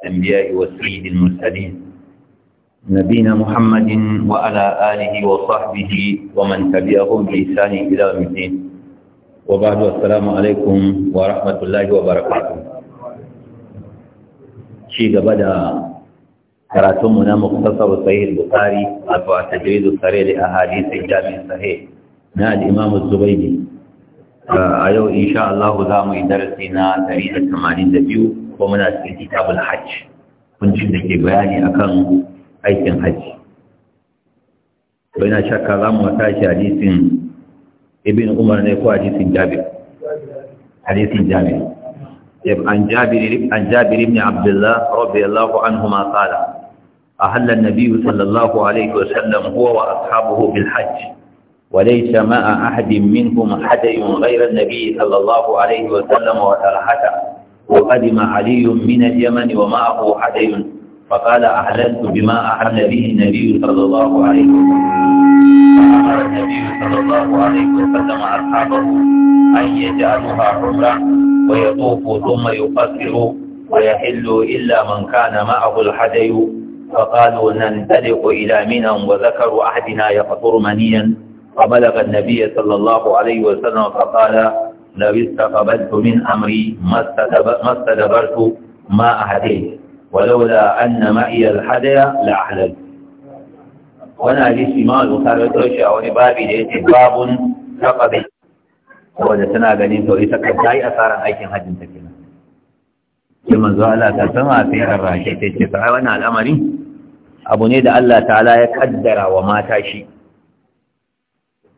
الأنبياء والسيد المرسلين نبينا محمد وعلى آله وصحبه ومن تبعهم بإحسان إلى يوم الدين وبعد السلام عليكم ورحمة الله وبركاته شيء بدأ كراتمنا مختصر صحيح البخاري أبو تجريد الصريح لأحاديث الجامع الصحيح نال الإمام الزبيدي a yau insha Allah za mu yi darasi na 182 ko muna cikin kitabul hajj kuncin da ke bayani akan aikin hajji to ina shakka za mu tashi hadisin ibn umar ne ko hadisin jabir hadisin jabir عن جابر عن جابر بن عبد الله رضي الله عنهما قال أهل النبي صلى الله عليه وسلم هو وأصحابه بالحج وليس مع أحد منهم حدي غير النبي صلى الله عليه وسلم وترحته وقدم علي من اليمن ومعه حدي فقال أحللت بما أحل به النبي صلى الله عليه وسلم فأمر النبي صلى الله عليه وسلم أصحابه أن يجعلها عمرة ويطوفوا ثم يقصر ويحلوا إلا من كان معه الحدي فقالوا ننطلق إلى منى وذكروا أحدنا يقطر منيا فبلغ النبي صلى الله عليه وسلم فقال لو استقبلت من أمري ما استدبرت ما أهديت ولولا أن معي الحدي لأحلل وانا حديث ما البخاري توشي أو بابي ليس باب سقبل wanda tana ganin to ita kan ta yi asarar aikin hajjin ta kenan sai manzo ta sama sai an rashe ta ce sai wannan al'amari abu ne da Allah ta'ala ya kaddara wa mata shi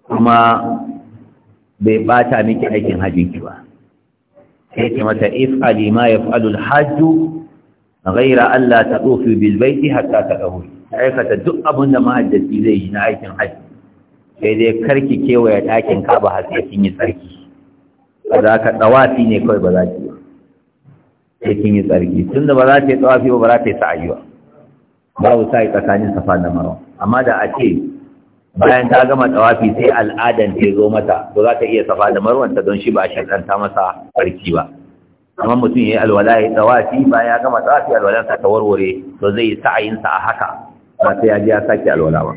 kuma bai bata miki aikin hajjinki ba sai ce mata if'ali ma yaf'alu al-hajju ghayra an la tadufi bil bayti hatta tadahu aikata duk abin da mahajjaci zai yi na aikin hajji sai dai karki kewaye ɗakin kaba har sai kin yi tsarki ba za ka tsawafi ne kawai ba za ki yi. sai kin yi tsarki tun da ba za ta yi tsawafi ba ba za ta yi sa'ayi ba babu sa'ayi tsakanin safa da marwa amma da a ce bayan ta gama tsawafi, sai al'adan ta zo mata to za ta iya safa da marwanta don shi ba shaɗanta masa farki ba amma mutum ya yi alwala ya tsawafi, bayan ya gama tsawafi alwala ta warware to zai yi sa'ayinsa a haka ba sai ya ji ya sake alwala ba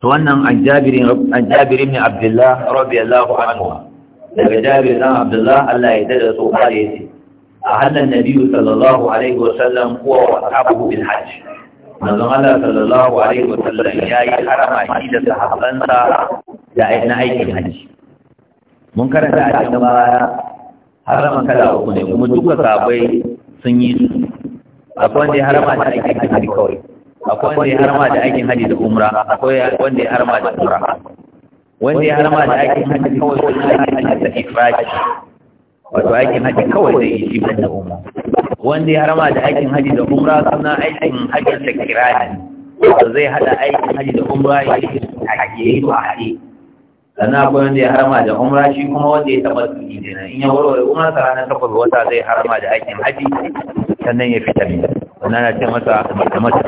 to wannan an jabirin an jabirin ne abdullah radiyallahu anhu daga jabirin abdullah Allah ya dada so kare shi a hannun nabi sallallahu alaihi wasallam huwa wa sahabu bil hajj manzon Allah sallallahu alaihi sallam ya yi harama shi da sahabbansa da na aikin haji mun karanta a cikin baya harama kala uku ne kuma duka sabai sun yi su akwai wanda ya harama da aikin haji kawai akwai wanda ya harama da aikin haji da umra akwai wanda ya harama da umra wanda ya harama da aikin haji kawai yi aikin haji da ifradi wato aikin haji kawai zai yi shi ban da umra wanda ya harama da aikin haji da umra suna aikin hajjin da kiraya ne wato zai hada aikin haji da umra ya yi haji ya yi ba haji sannan akwai wanda ya harama da umra shi kuma wanda ya taɓa tuki kenan in ya warware umar sa ranar takwas wata zai harama da aikin haji sannan ya fita ne sannan na ce masa da mata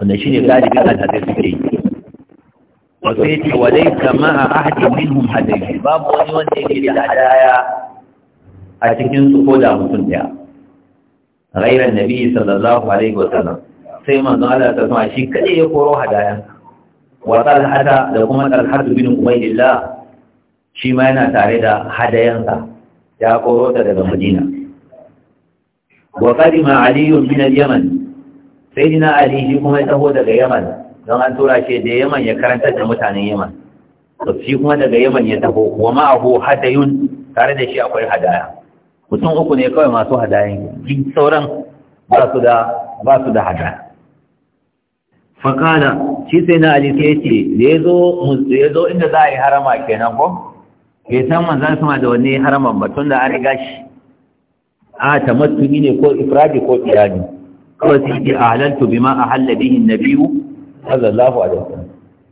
wanda shi ne galibin alhazai suke yi wasaiti ya ce walai kama a ahadin minhum hadayi babu wani wanda yake da hadaya a cikin su ko da mutum daya ghairan nabi sallallahu alaihi wa sallam sai manzo Allah ta kuma shi kadai ya koro hadayan wa hada da kuma hadd bin ubaydillah shi ma yana tare da hadayansa ya koro ta daga Madina wa qadima ali bin al-yaman sayyidina ali shi kuma ya taho daga yaman don an tura shi da yaman ya karantar da mutanen yaman to shi kuma daga yaman ya taho wa ma'ahu hadayun tare da shi akwai hadaya mutum uku ne kawai masu hadayen sauran ba su da hadaya fakala shi sai na ali sai ce da ya zo inda za a yi harama kenan ko ke san su sama da wani haraman ba tun an riga shi a tamattuni ne ko ifradi ko iyali kawai sai ce a bima a halla na biyu sallallahu alaihi wasallam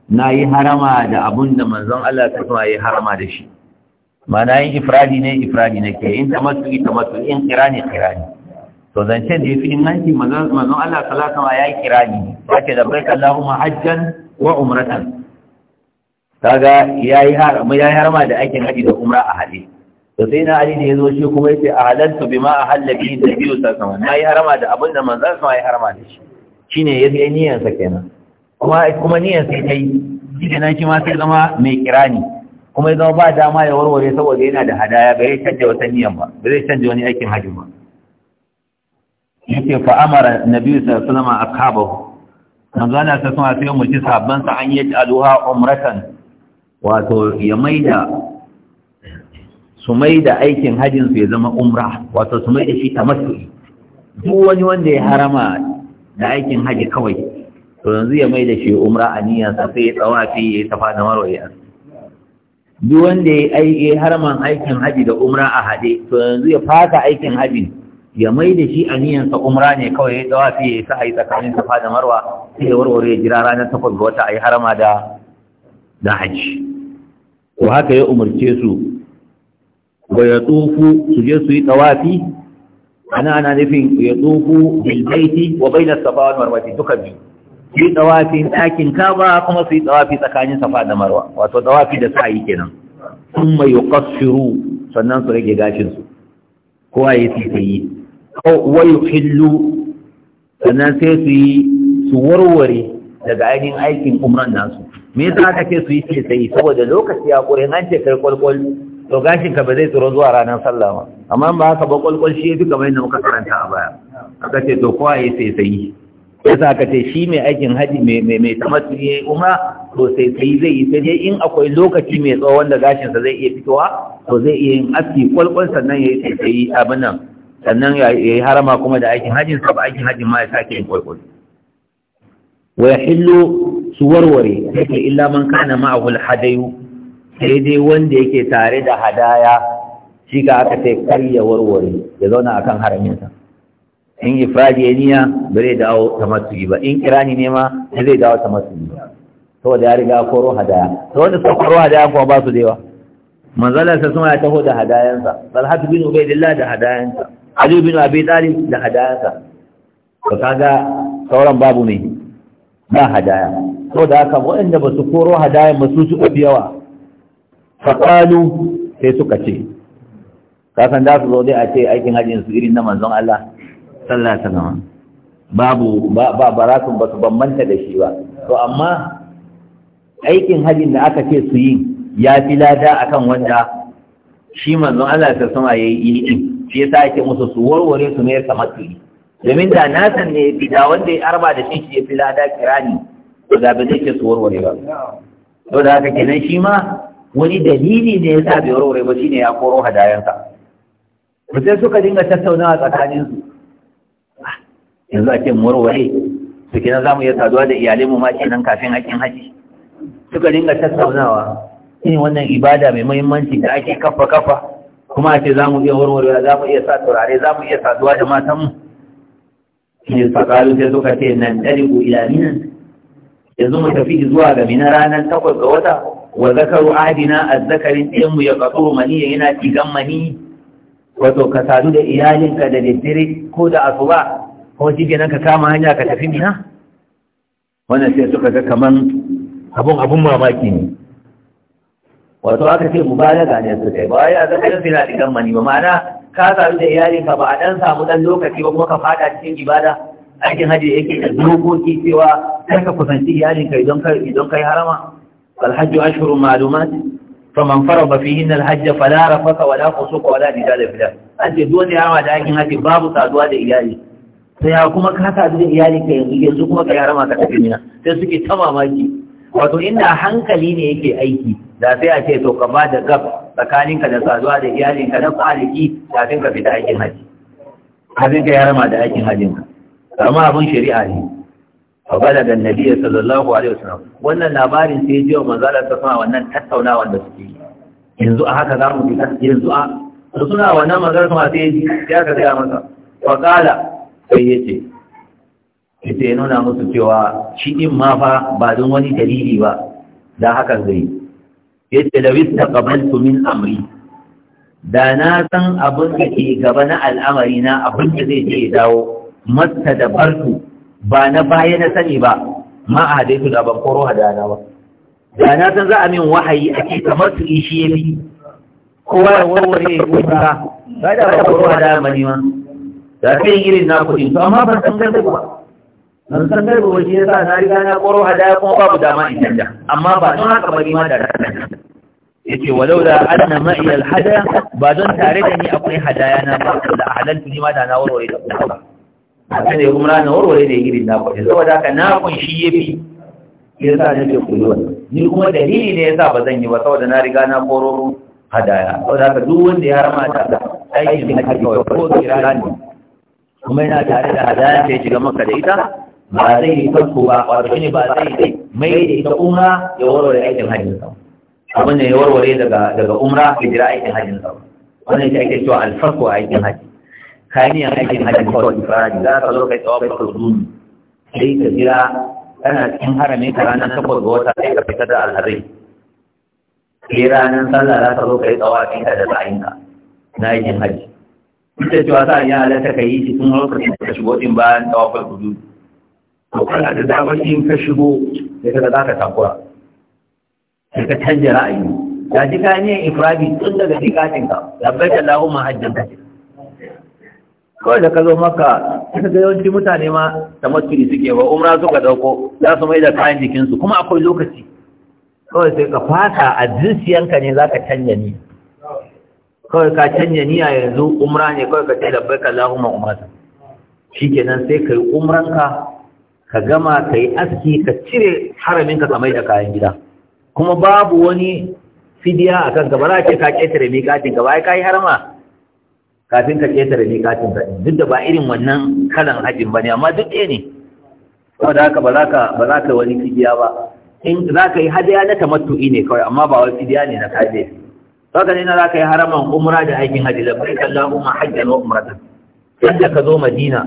na yi harama da abun da manzon Allah ta kuma yi harama da shi mana yin ifradi ne ifradi ne ke in tamattu tamattu yin kirani-kirani. to zancen da yafi inganci manzon Allah sallallahu alaihi wasallam ya yi qirani yake da barka Allahumma hajjan wa umratan kaga yayi harama yayi harama da aikin haji da umra a hali to sai na ali ne yazo shi kuma yace ahlantu bima ahalla bi da biyu sallallahu alaihi wasallam yayi harama da abun da manzon Allah ya harama da shi shine yayi niyyar sa kenan kuma kuma niyan sai ta yi shi nan shi ma sai zama mai kirani kuma ya zama ba dama ya warware saboda yana da hadaya bai canje wata niyan ba bai zai wani aikin hajji ba yake fa amara nabi sallallahu alaihi wasallam ashabahu manzo ana sa sai mu ci sabban sa an yi aluha umratan wato ya maida su maida aikin hajjin su ya zama umra wato su maida shi tamattu duk wani wanda ya harama da aikin haji kawai to yanzu ya mai da shi umra a niyyarsa sai ya tsawafi ya yi da marwa duk wanda ya aiki harman aikin haji da umra a haɗe to yanzu ya fata aikin haji ya mai da shi a niyyarsa umra ne kawai ya tsawafi ya sa a yi tsakanin safa da marwa sai ya warware jira ranar takwas ga wata a yi harama da da haji to haka ya umarce su wa ya tsofu su je su yi tsawafi ana ana nufin ya tsofu bilbaiti wa bai safa wa marwati duka biyu su yi tsawafi ɗakin kaba kuma su yi tsawafi tsakanin safa da marwa wato tsawafi da sa yi kenan sun mai yukassiru sannan su rage gashinsu kowa ya su ta yi Wai hillu sannan sai su yi su warware daga ainihin aikin umran nasu me yasa aka ce su yi ce sai saboda lokaci ya ƙure an ce kai kwalkwal to gashin ka ba zai tsoro zuwa ranar sallah ba amma ba haka ba kwalkwal shi ya fi kamar yadda muka karanta a baya aka ce to kowa ya sai sai yasa ka ce shi mai aikin haji mai mai tamattu ya yi umra to sai sai zai yi sai in akwai lokaci mai tsawon wanda gashinsa zai iya fitowa to zai iya yin aski kwalkwal sannan ya yi sai sai abin nan sannan ya yi harama kuma da aikin hajjin sa ba aikin hajjin ma ya sake yin kwalkwal wa hillo su warware yake illa man kana ma a hadayu sai dai wanda yake tare da hadaya shi ka aka ce kar ya warware ya zauna akan haramin sa in ifradi ya niyya ba zai dawo tamattu'i ba in kirani ne ma ba zai dawo ta tamattu'i ba saboda ya riga koro hadaya to wanda suka koro hadaya kuma ba su da yawa manzala sa suna taho da hadayansa talhat bin ubaidillah da hadayansa ali bin abi talib da hadayansa to kaga sauran babu ne ba hadaya saboda haka waɗanda ba su koro hadayan ba su su fi yawa faqalu sai suka ce kasan da su zo dai a ce aikin hajjin su irin na manzon Allah sallah ta gama babu ba baratun ba su bambanta da shi ba to amma aikin hajjin da aka ce su yi ya fi lada akan wanda shi manzon Allah ta sama yayi yi shi yasa yake musu su warware su ne kamar su domin da na san ne da wanda ya arba da shi shi ya fi lada kirani to da ba zai ke su warware ba to da haka kenan shi ma wani dalili ne ya sa bai warware ba shine ya koro hadayansa sai suka dinga tattaunawa tsakaninsu yanzu a ce su kenan za mu iya saduwa da iyalinmu ma kenan kafin aikin haji suka dinga tattaunawa yin wannan ibada mai muhimmanci da ake kafa kafa kuma a ce za mu iya warwarewa za mu iya sa turare za mu iya saduwa da matanmu ne fakalu sai suka ce nan ɗariku ilaminan yanzu mu tafi zuwa ga mina ranar takwas ga wata wa zakaru adina azzakarin zakarin ɗinmu ya mani ya yana cigan mani wato ka sadu da iyalinka da daddare ko da asuba kuma shi kenan ka kama hanya ka tafi mina wannan sai suka ga kaman abun abun mamaki ne wato aka ce mubalaga ne su kai ba ya zaka yin sina digan mani ba ma'ana ka sami da iyalin ka ba a dan samu dan lokaci ba kuma ka fada cikin ibada aikin hajji yake da dokoki cewa kar ka kusanci iyalin ka idan kai idan kai harama alhajju ashhurun ma'lumat faman faraba fihinna alhajj fala rafaka wala fusuqa wala dijala fil an ce duk wanda da aikin hajji babu saduwa da iyali sai ya kuma ka sadu da iyalinka yanzu yanzu kuma ka yara maka tafi mina sai suke ta mamaki wato inda hankali ne yake aiki da sai a ce to ka ba da gab tsakaninka da saduwa da iyalinka na kwaliki kafin ka fita aikin haji kafin ka yara ma da aikin hajinka amma abin shari'a ne fabalaga nabiya sallallahu alaihi wasallam wannan labarin sai jiya manzala ta sama wannan tattaunawa da suke yanzu a haka za mu fita yanzu a suna wannan magana kuma sai ya ga a masa wa qala sai ya ce ita ya nuna musu cewa shi ɗin ma fa ba don wani dalili ba da hakan zai ya ce da wista ƙabaltu min amri da na san abin da ke gaba na al'amari na abin da zai je dawo masta da barku ba na baya na sani ba ma a hadaitu da ban koro dana ba da na san za a min wahayi a ke kamar su ishe ya fi kowa ya warware ya kusa ba da ban koro dana ba ne da kai irin na kuɗi to amma ban san garba ba ban san garba ba shi yasa na riga na koro hadaya kuma babu dama in canja amma ba don haka ba ni ma da Ya ce walau da anna ma'i al ba don tare da ni akwai hadaya na ba da halaltu ni ma da na warware da kuma haka ne kuma na warware da irin na kuɗi saboda haka na kun shi yafi yasa nake kuɗi wannan ni kuma dalili ne ya sa ba zan yi ba saboda na riga na koro hadaya saboda haka duk wanda ya rama ta aikin da kake ko kira ne kuma yana tare da hadaya ta shiga maka da ita ba zai yi farko ba wato shine ba zai yi mai da ita umra ya warware aikin hajjin sa abin da ya warware daga daga umra ya jira aikin hajjin sa wannan ita ake cewa alfarko a aikin hajji kayan aikin hajji wani ifradi za ka zo kai tsawon kurduni sai ka jira kana cikin haramin ka ranar takwas ga wata sai ka fitar da alhazai sai ranar sallah za ka zo kai tsawon tsawon ka da sa'inka na aikin hajji duk da cewa sa ya halatta ka yi shi tun lokacin da ka shigo din bayan tawafar hudu to kana da damar in ka shigo sai ka za ka takura sai ka canja ra'ayi ya ji ka ne ifradi tun daga jikatin ka labbai da lahu mahajjan ka kawai da ka zo maka ka ga yawanci mutane ma tamattuli suke ba umra suka dauko za su mai da kayan jikinsu kuma akwai lokaci kawai sai ka fata a jinsiyanka ne za ka canja ni kawai ka canja niyya yanzu umra ne kawai ka ce labbaika Allahumma umrata shikenan sai ka yi umranka ka gama ka yi aski ka cire haramin ka kamar da kayan gida kuma babu wani fidiya a kanka ba za a ce ka ƙetare katin ka bai ka yi harama kafin ka ƙetare miƙatin ka duk da ba irin wannan kalan hajjin ba ne amma duk ɗaya ne saboda haka ba za ka ba za ka wani fidiya ba in za ka yi hadiya na tamattu'i ne kawai amma ba wani fidiya ne na kaje kaga ne na za ka yi haraman umra da aikin hajji da bai kalla umma na wa umratan yadda ka zo madina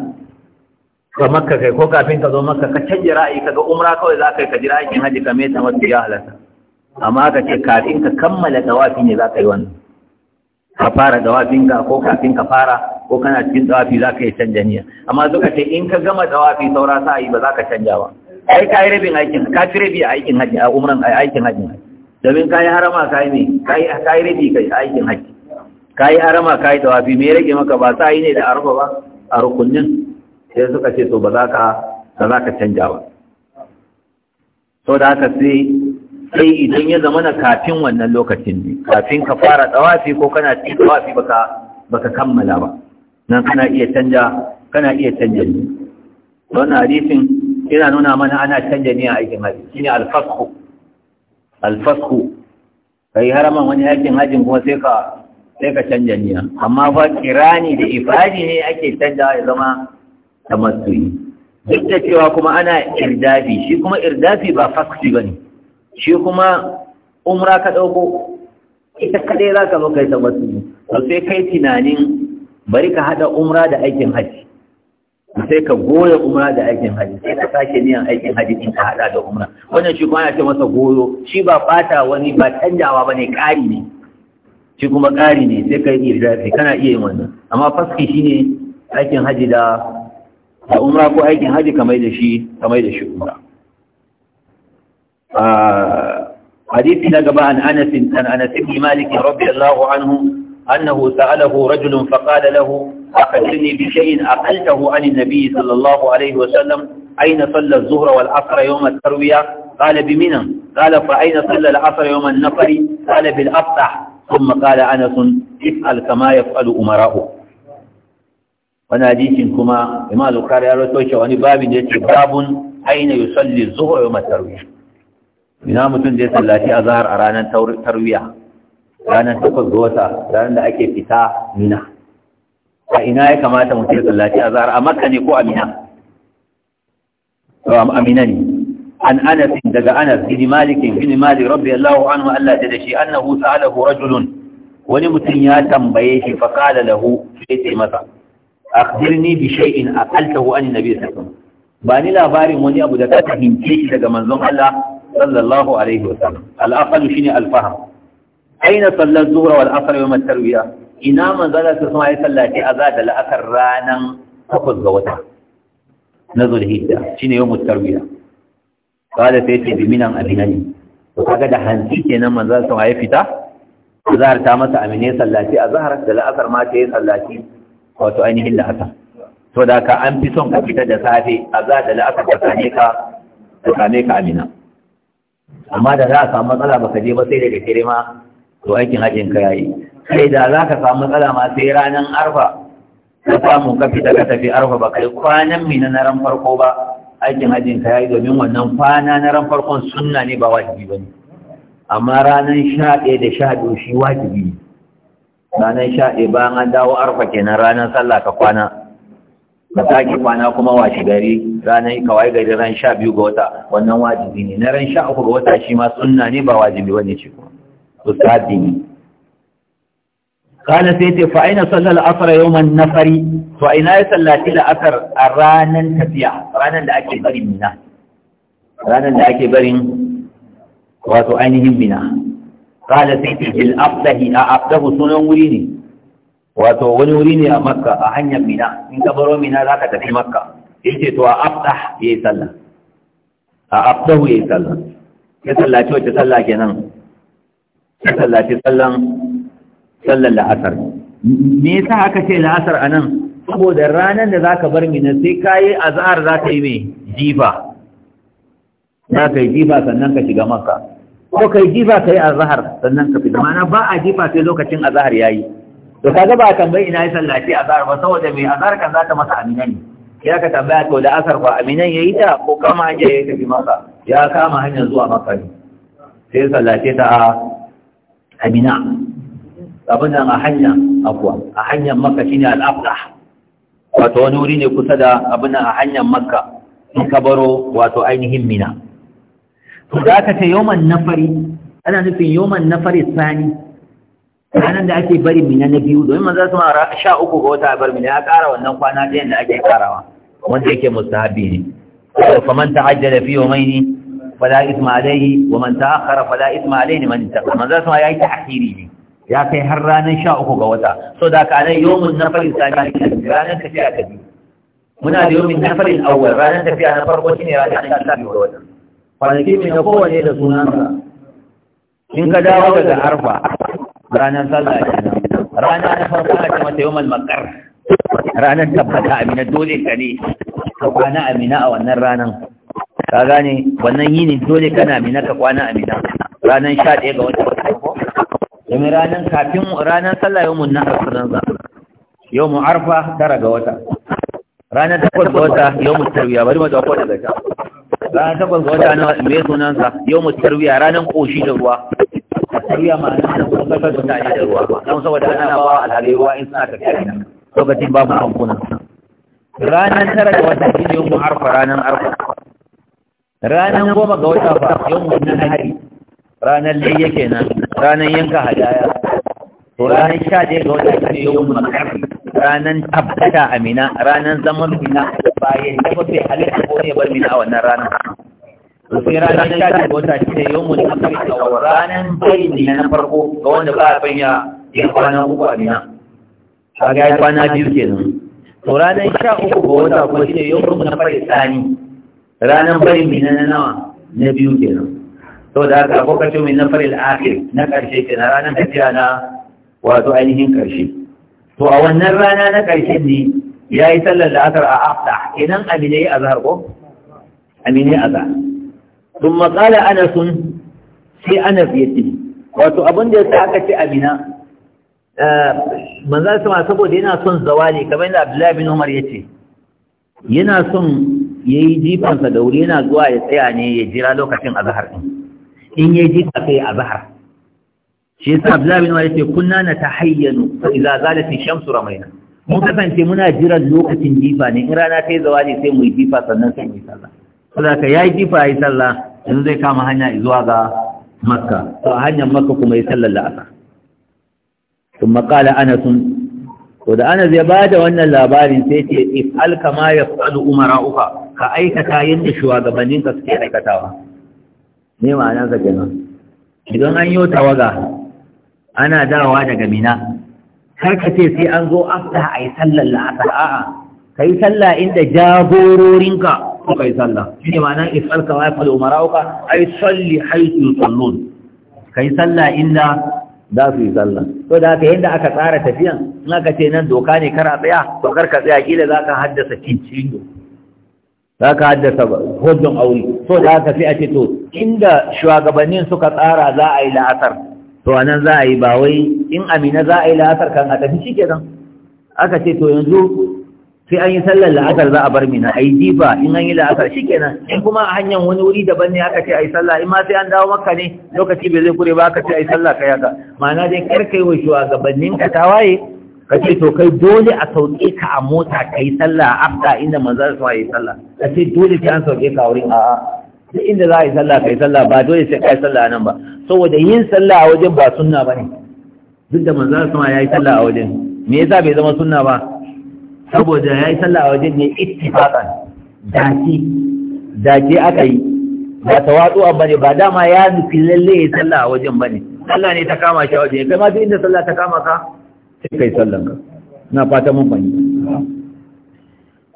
ka makka kai ko kafin ka zo makka ka canja ra'ayi kaga umra kawai za ka yi ka jira aikin hajji ka meta masa ya halarta amma ka ce kafin ka kammala dawafi ne za ka yi wannan ka fara dawafin ka ko kafin ka fara ko kana cikin dawafi za ka yi canja niyya amma suka ce in ka gama dawafi saura sa'ayi ba za ka canja ba ai ka yi rabin aikin ka fi rabi a aikin hajji a umran aikin hajji domin ka yi harama ka yi ne ka yi rabi kai aikin haƙi ka yi harama ka yi tawafi mai rage maka ba sa yi ne da arfa ba a rukunin sai suka ce to ba za ka ba za ka canja ba sau da haka sai sai idan ya zama na kafin wannan lokacin ne kafin ka fara tawafi ko kana ci tawafi baka baka kammala ba nan kana iya canja kana iya canja ne Don hadisin yana nuna mana ana canja ne a aikin haƙi shine alfasku alfasku kai haraman wani aikin hajjin kuma sai ka sai ka canja niyya amma fa kirani da ifadi ne ake canja ya zama tamattu'i duk da cewa kuma ana irdafi shi kuma irdafi ba ba bane shi kuma umra ka dauko ita kaɗai za ka zo kai tamattu'i to sai kai tunanin bari ka haɗa umra da aikin hajji sai ka goya umra da aikin haji sai ka sake niyan aikin haji in ka hada da umra wannan shi kuma ana ce masa goyo shi ba fata wani ba canjawa bane ƙari ne shi kuma ƙari ne sai ka yi irdafi kana iya yin wannan amma faski shine aikin haji da da umra ko aikin haji kamar da shi kamar da shi umra حديث na gaba an عن أنس بن مالك رضي الله عنه أنه سأله رجل فقال lahu أخبرني بشيء أقلته عن النبي صلى الله عليه وسلم أين صلى الظهر والعصر يوم التروية قال بمنى قال فأين صلى العصر يوم النفر قال بالأفتح ثم قال أنس افعل كما يفعل أمراؤه wani hadisin kuma imam al-bukhari ya rawaito shi wani babin da yake babun aina yusalli zuhra yawm tarwiya ina mutum da ya sallaci azhar a ranar tarwiya ranar ga wata ranar da ake fita mina a ina ya kamata mu ya a azhar a makka ne ko amina to amina ne an anas daga anas bin malik bin malik rabbi allah anhu allah ta dashi annahu sa'alahu rajulun wani mutum ya tambaye shi fa qala lahu sai ce masa akhbirni bi shay'in aqaltahu an nabi sallallahu alaihi wasallam ba ni labarin wani abu da ka fahimce shi daga manzon Allah sallallahu alaihi wasallam al-aqal shine al-fahm aina sallar zuhra wal asr yawm at-tarwiyah ina Manzara ta sama yi sallaci a za da la'akar ranar takwas ga wata na zulhijja shi ne yau mutarwiya ba da sai ce biminan ne. to kaga da hanci kenan manzala suna ya fita zahar ta masa amine sallaci a zahar da la'akar ma ta yi sallaci wato ainihin haka to da ka an fi son ka fita da safe a za da la'akar ta same ka ta same ka amina amma da za a samu matsala ba ka je ba sai da dare to aikin hajjin ka yayi kai da za ka samu matsala ma sai ranar arfa ka samu ka fita ka tafi arfa ba kai kwanan mina na ran farko ba aikin hajjin ka yi domin wannan kwana na ran farkon sunna ne ba wajibi ba ne amma ranar sha ɗaya da sha biyu shi wajibi ne ranar sha ɗaya bayan an dawo arfa kenan ranar sallah ka kwana ka sake kwana kuma washe gari ranar kawai gari ran sha biyu ga wata wannan wajibi ne na ran sha uku ga wata shi ma sunna ne ba wajibi ba ne ce kuma ustadi ne kana sai ce fa'ina sallar asara yau man nafari to a ina ya sallaci la'asar a ranar tafiya ranar da ake barin mina ranar da ake barin wato ainihin mina kana sai ce bil a abdahu sunan wuri ne wato wani wuri ne a makka a hanyar mina in ka baro mina za ka tafi makka ce to a abdah ya yi sallah a abdahu ya yi sallah ya sallaci wacce sallah kenan ya sallaci sallan sallar la'asar me yasa aka ce la'asar anan saboda ranar da zaka bar mina sai kayi azhar zaka yi me jifa zaka yi jifa sannan ka shiga makka ko kai jifa kai azhar sannan ka fita mana ba a jifa sai lokacin azhar yayi to kaga ba tambayi ina yi sallaci azhar ba saboda me azhar kan ta masa amina ne ya ka tambaya to da asar ba aminan yayi ta ko kama hanya ya tafi maka ya kama hanyar zuwa maka ne sai sallace ta amina abin nan a hanya akwa a hanyar makka shine al-aflah wato wani wuri ne kusa da abin nan a hanyar makka in ka baro wato ainihin mina to da aka ce yawman nafari ana nufin yawman nafari sani ranar da ake bari mina na biyu domin manzo sama sha uku ga wata bar mina ya kara wannan kwana ɗayan da ake karawa wanda yake mustahabi ne fa man ta'ajjala fi yawmaini fala isma alayhi wa man ta'akhkhara fala isma alayhi man ittaqa manzo sama yayi ta'khiri ne ya kai har ranar sha uku ga wata so da ka nan yomin na farin sami ranar tafiya ta biyu muna da yomin na farin awwal ranar tafiya na farko shi ne ranar tafiya ta biyu ga wata kwanaki mai na kowane da sunansa in ka dawo daga arfa ranar sallah a nan rana na farko ana ce mata yomin makar ranar tabbata amina dole ka ne ka kwana amina a wannan ranar ka gane wannan yini dole kana amina ka kwana amina ranar sha ɗaya ga wata yami ranar kafin ranar sallah yau mun nahar sunan za yau mu arfa tara ga wata ranar takwas ga wata yau mu tarwiya bari mata dauko da ta ranar takwas ga wata na me sunan sa yau mu tarwiya ranar koshi da ruwa tarwiya ma na kuma kasar da ta da ruwa don saboda ana ba alhali ruwa in suna tafiya lokacin babu kamfuna ranar tara ga wata shine yau mu arfa ranar arfa ranar goma ga wata fa yau mu hari ranar ke kenan ranar yanka hadaya to ranar sha je ga wata yi yau makarfi ranar tabbata amina ranar zaman mina bayan dafa bai halitta ko ne bar mina a wannan ranar sai ranar sha ɗaya ga wata shi ne yau makafi a ranar bayin na farko ga wanda ba a fanya ya kwana uku amina a ga ya kwana biyu kenan to ranar sha uku ga wata kuma shi ne yau makafi tsani ranar bayin mina na nawa na biyu kenan sau da haka ko kace min nafaril akhir na karshe ke na ranar tafiya na wato ainihin karshe to a wannan rana na karshe ne ya yi sallar la'asar a afta idan amine a zahar ko amine a zahar sun matsala ana sun sai ana fiye wato abin da ya sa aka ce amina za eh, manzan sama saboda yana son zawali kamar yadda abdullahi bin umar ya ce yana son ya yi jifansa da wuri yana zuwa ya tsaya ne ya jira lokacin azahar ɗin in ya ji sai a zahar shi yasa Abdullahi bin Umar yace kunna hayyano, fa iza zalat ash-shamsu ramaina mun kasance muna jiran lokacin jifa ne in rana ta yi ne sai mu yi jifa sannan sai mu yi sallah saboda ka yayi jifa yayi sallah yanzu zai kama hanya zuwa ga makka to a hanyar makka kuma yi sallar la'asar ثم قال labarin sai ce if وأن اللابارين سيتي افعل كما يفعل أمراؤك كأيكتا يندشوا قبلين suke aikatawa. Ne ma'anar sa kenan idan an yi tawaga ana dawowa daga mina kar ka ce sai an zo afta a yi sallar la'asar a'a ka yi sallah inda jagororinka ko ka yi sallah shi ne ma'anar isfalka wa yafal umarauka ai salli haitu sallon ka yi sallah inda za su yi sallah to da haka yadda aka tsara tafiyan in aka ce nan doka ne kar a tsaya to kar ka tsaya kila za ka haddasa cin cindo za ka haddasa hujjin aure so da sai a ce to inda shugabannin suka tsara za a yi la'asar to anan za a yi ba wai in amina za a yi la'asar kan a tafi shi kenan aka ce to yanzu sai an yi sallar la'asar za a bar mina a yi diba in an yi la'asar shi kenan in kuma a hanyar wani wuri daban ne aka ce a yi sallah in ma sai an dawo maka ne lokaci bai zai kure ba aka ce a yi sallah ka yaka ma'ana dai karkai wa shugabannin ka ta waye. ka ce to kai dole a sauke ka a mota ka yi sallah a afta inda manzan su yi sallah ka ce dole ka an sauke ka wurin a'a duk inda za a yi sallah ka yi sallah ba dole sai ka yi sallah nan ba saboda yin sallah a wajen ba sunna ba ne duk da manzan su ya yi sallah a wajen me yasa bai zama sunna ba saboda ya yi sallah a wajen ne ittifaqan dace dace aka yi ba tawadu ba ne ba dama ya nufi lalle ya yi sallah a wajen ba ne sallah ne ta kama shi a wajen kai ma duk inda sallah ta kama ka sai kai sallan ka na fata mun fahimta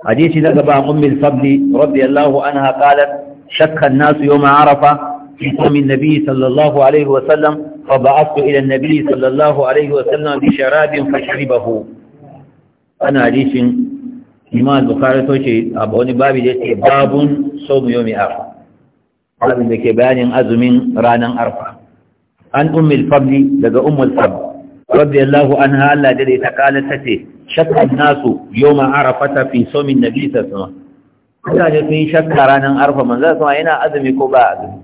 hadisi na gaba ummul fadli radiyallahu anha qalat shakka an-nas yawm arafa في قوم النبي صلى الله عليه imam to ce da babun da ke bayanin azumin ranar arfa an ummul daga ummul radiyallahu anha Allah da ita ta tace shakka nasu yawma arafata fi sawmin nabi sallallahu alaihi wasallam sun yi shakka ranar arfa manzo sallallahu yana azumi ko ba azumi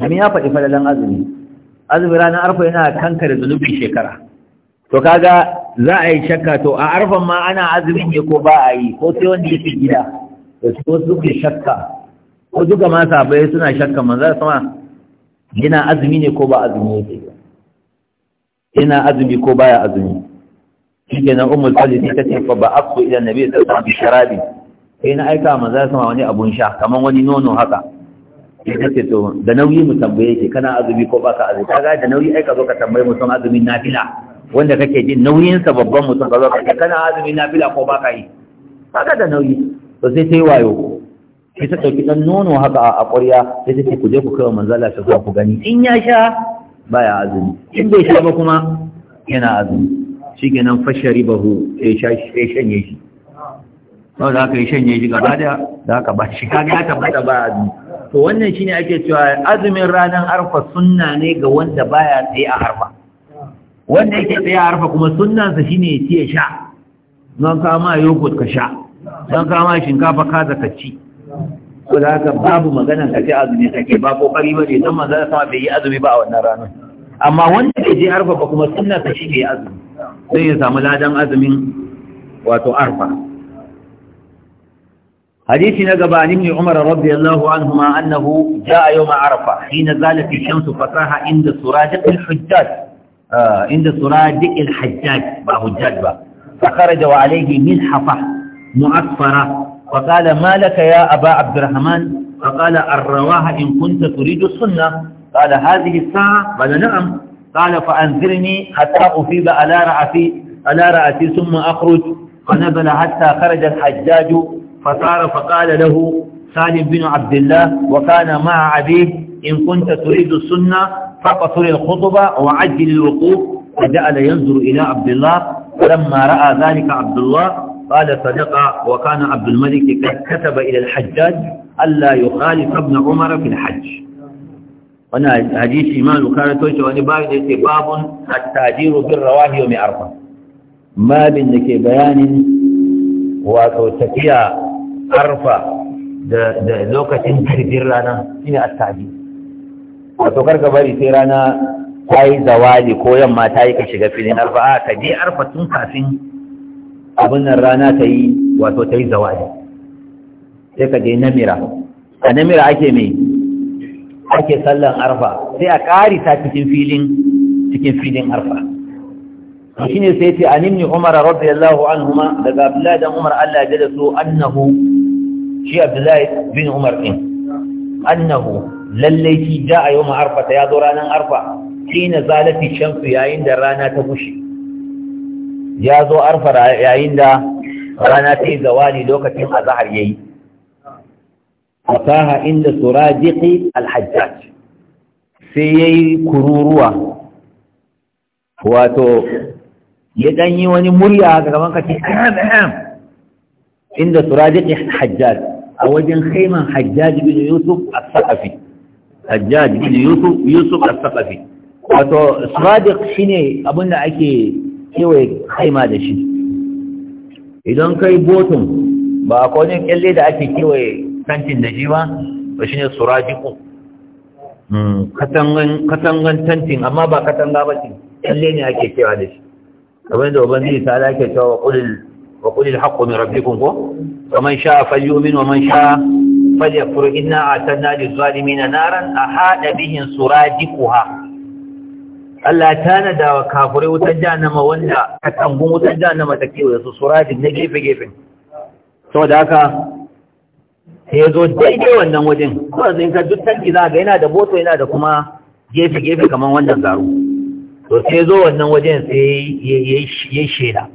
amma ya faɗi falalan azumi azumi ranar arfa yana kankare zunubin shekara to kaga za a yi shakka to a arfan ma ana azumin ne ko ba a yi ko sai wanda yake gida da su wasu ke shakka ko duka ma sabai suna shakka manzo sama yana azumi ne ko ba azumi yake ina azumi ko baya azumi shikenan ummul fadl ta ce fa ba'athu ila nabi ta alaihi wasallam bi sharabi sai na aika manzo sama wani abun sha kamar wani nono haka sai ta ce to da nauyi mu tambaye ki kana azumi ko baka azumi ga da nauyi aika zo ka tambaye mu son azumin nafila wanda kake jin nauyin sa babban mutum ka zo ka kana azumin nafila ko baka yi kaga da nauyi to sai sai wayo Ki ta dauki dan nono haka a ƙwarya sai ta ce ku je ku kai wa Manzala Allah ku gani in ya sha baya azumi in bai sha ba kuma yana azumi shikenan fashari bahu sai shanye shi sau da aka yi shanye shi gaba da za ka ba shi kaga ya tabbata ba azumi to wannan shine ake cewa azumin ranar arfa sunna ne ga wanda baya tsaye a harfa wanda yake tsaye a harfa kuma shi shine ya ci ya sha don kama yogurt ka sha don kama shinkafa ka zaka ci ko za babu maganar kace azumi take ba kokari bane dan manzo ya sa bai yi azumi ba a wannan ranar amma wanda bai je arfa ba kuma sunnar sa shine azumi sai ya samu ladan azumin wato arfa hadisi na gaba ni ne umar radiyallahu anhuma annahu jaa yawm arfa hina zalati shams fataha inda surajiq al hujjaj ah, inda surajiq al hujjaj ba hujjaj ba fa kharaja wa alayhi min hafa mu'asfara فقال ما لك يا أبا عبد الرحمن فقال الرواها إن كنت تريد السنة قال هذه الساعة قال نعم قال فأنذرني حتى اصيب على رأتي على رأتي ثم أخرج فنزل حتى خرج الحجاج فصار فقال له سالم بن عبد الله وكان مع أبيه إن كنت تريد السنة فقصر الخطبة وعجل الوقوف فجعل ينظر إلى عبد الله فلما رأى ذلك عبد الله قال صدق وكان عبد الملك قد كتب إلى الحجاج ألا يخالف ابن عمر في الحج وانا حديث إيمان كان توجه واني باب باب التاجير بالرواه يوم أربعة ما بين بيان وتوتكيا أرفع da lokacin karfin rana shi ne attaji wato karka bari sai rana ta yi zawali ko yamma ta yi ka shiga filin arfa'a ka je arfa tun kafin abin nan rana ta yi wato ta yi zawali sai ka je namira a namira ake mai ake sallan arfa sai a ƙarisa cikin filin cikin filin arfa shi ne sai ce a nimni umar radiyallahu anhuma daga abdullahi dan umar allah ya da su annahu shi abdullahi bin umar ɗin. annahu lallai ki da a yau ma arfa ta ya zo ranar arfa shi na zalafi shamsu yayin da rana ta bushe ya zo arfa yayin da rana ta yi zawali lokacin zahar yayi fasaha inda suradiqi alhajjaj sai yayi kururuwa wato ya dan yi wani murya ga gaban kace inda suradiqi alhajjaj a wajen khaiman hajjaj bin yusuf as-saqafi hajjaj bin yusuf yusuf as-saqafi wato suradiq shine abinda ake kewaye kaima da shi idan kai botun ba a kwanin kyalle da ake kewaye tantin da shi ba ba shi ne surajiku hmm, katangan tantin amma ba katanga ba ce kyalle ne ake kewa da shi kamar da zai tala ke cewa wa kulil haqqu min rabbikum ko man sha omin wa man sha a tannadi zuwa limina naran haɗa bihin ha Allah ya tanada wa kafurai wutar janama wanda ta kangun wutar janama ta kewaye su surajin na gefe-gefen saboda haka sai ya zo daidai wannan wajen kuma zai ka duk tanki za ga yana da boto yana da kuma gefe-gefe kamar wannan zaro to sai zo wannan wajen sai ya yi shaida.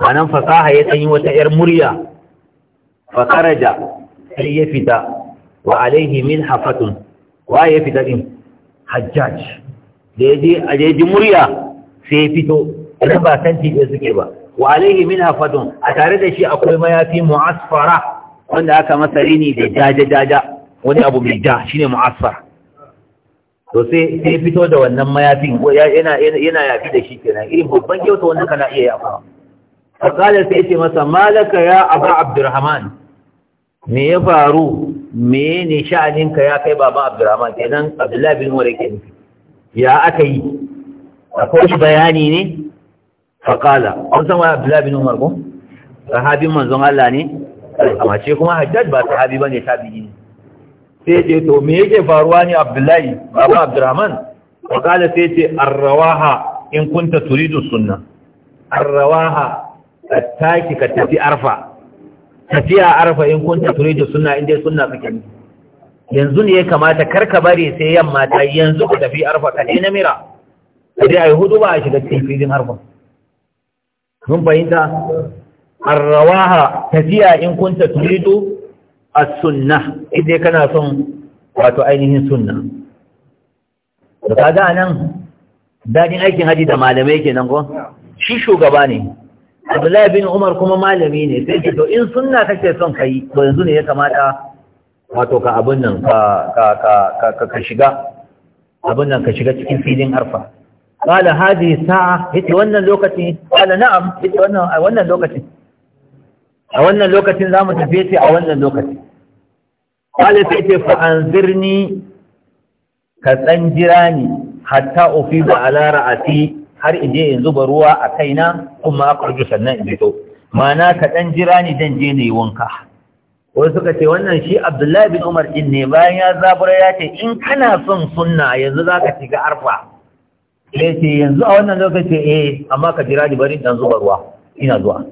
Wannan fasaha ya sanyi wata 'yar murya fakaraja sai ya fita wa alaihi min hafatun wa ya fita din hajjaj da ya je a je ji murya sai ya fito idan ba san ɗaya suke ba wa alaihi min hafadun a tare da shi akwai mayafi mu'asfara wanda aka masa rini da jaja jaja wani abu mai ja shine mu'asfara to sai sai fito da wannan mayafin yana yana yafi da shi kenan irin babban kyauta wanda kana iya yafa fa qala sai ce masa malaka ya abu abdurrahman me ya faru me ne sha'aninka ya kai baba abdurrahman kenan abdullahi bin umar kenan. ya aka yi akwai bayani ne faƙala an san wa abdullahi bin umar ko sahabin manzon Allah ne amma ce kuma hajjaj ba sahabi bane tabi'i ne sai ce to me yake faruwa ne abdullahi babu abdurrahman faƙala sai ce arrawaha in kunta turidu sunna arrawaha ka taki ka tafi arfa tafiya arfa in kunta turidu sunna in dai sunna kake ne yanzu ne ya kamata kar ka bari sai yamma ta yanzu ku tafi arfa ka na mira A dai a yi hudu ba a shiga cikin filin arfa mun fahimta arrawaha tafiya in kunta turidu as-sunnah idai kana son wato ainihin sunna da kaga anan dadin aikin haji da malamai kenan ko shi shugaba ne Abdullahi bin Umar kuma malami ne sai ce to in sunna kake son kai to yanzu ne ya kamata wato ka abin nan ka shiga abin nan ka shiga cikin filin arfa qala hadhihi sa'a yace wannan lokacin qala na'am yace wannan a wannan lokacin a wannan lokacin zamu tafi yace a wannan lokacin qala sai yace fa anzirni ka tsan jira ni hatta ufiba ala ra'ati har in je in zuba ruwa a kaina kuma akhruju sannan in fito ma'ana ka dan jira ni dan je ne wanka wai suka ce wannan shi abdullahi bin umar din ne bayan ya zabura ya ce in kana son sunna yanzu za ka shiga arfa ya ce yanzu a wannan lokaci eh amma ka jira ni bari dan zuba ruwa ina zuwa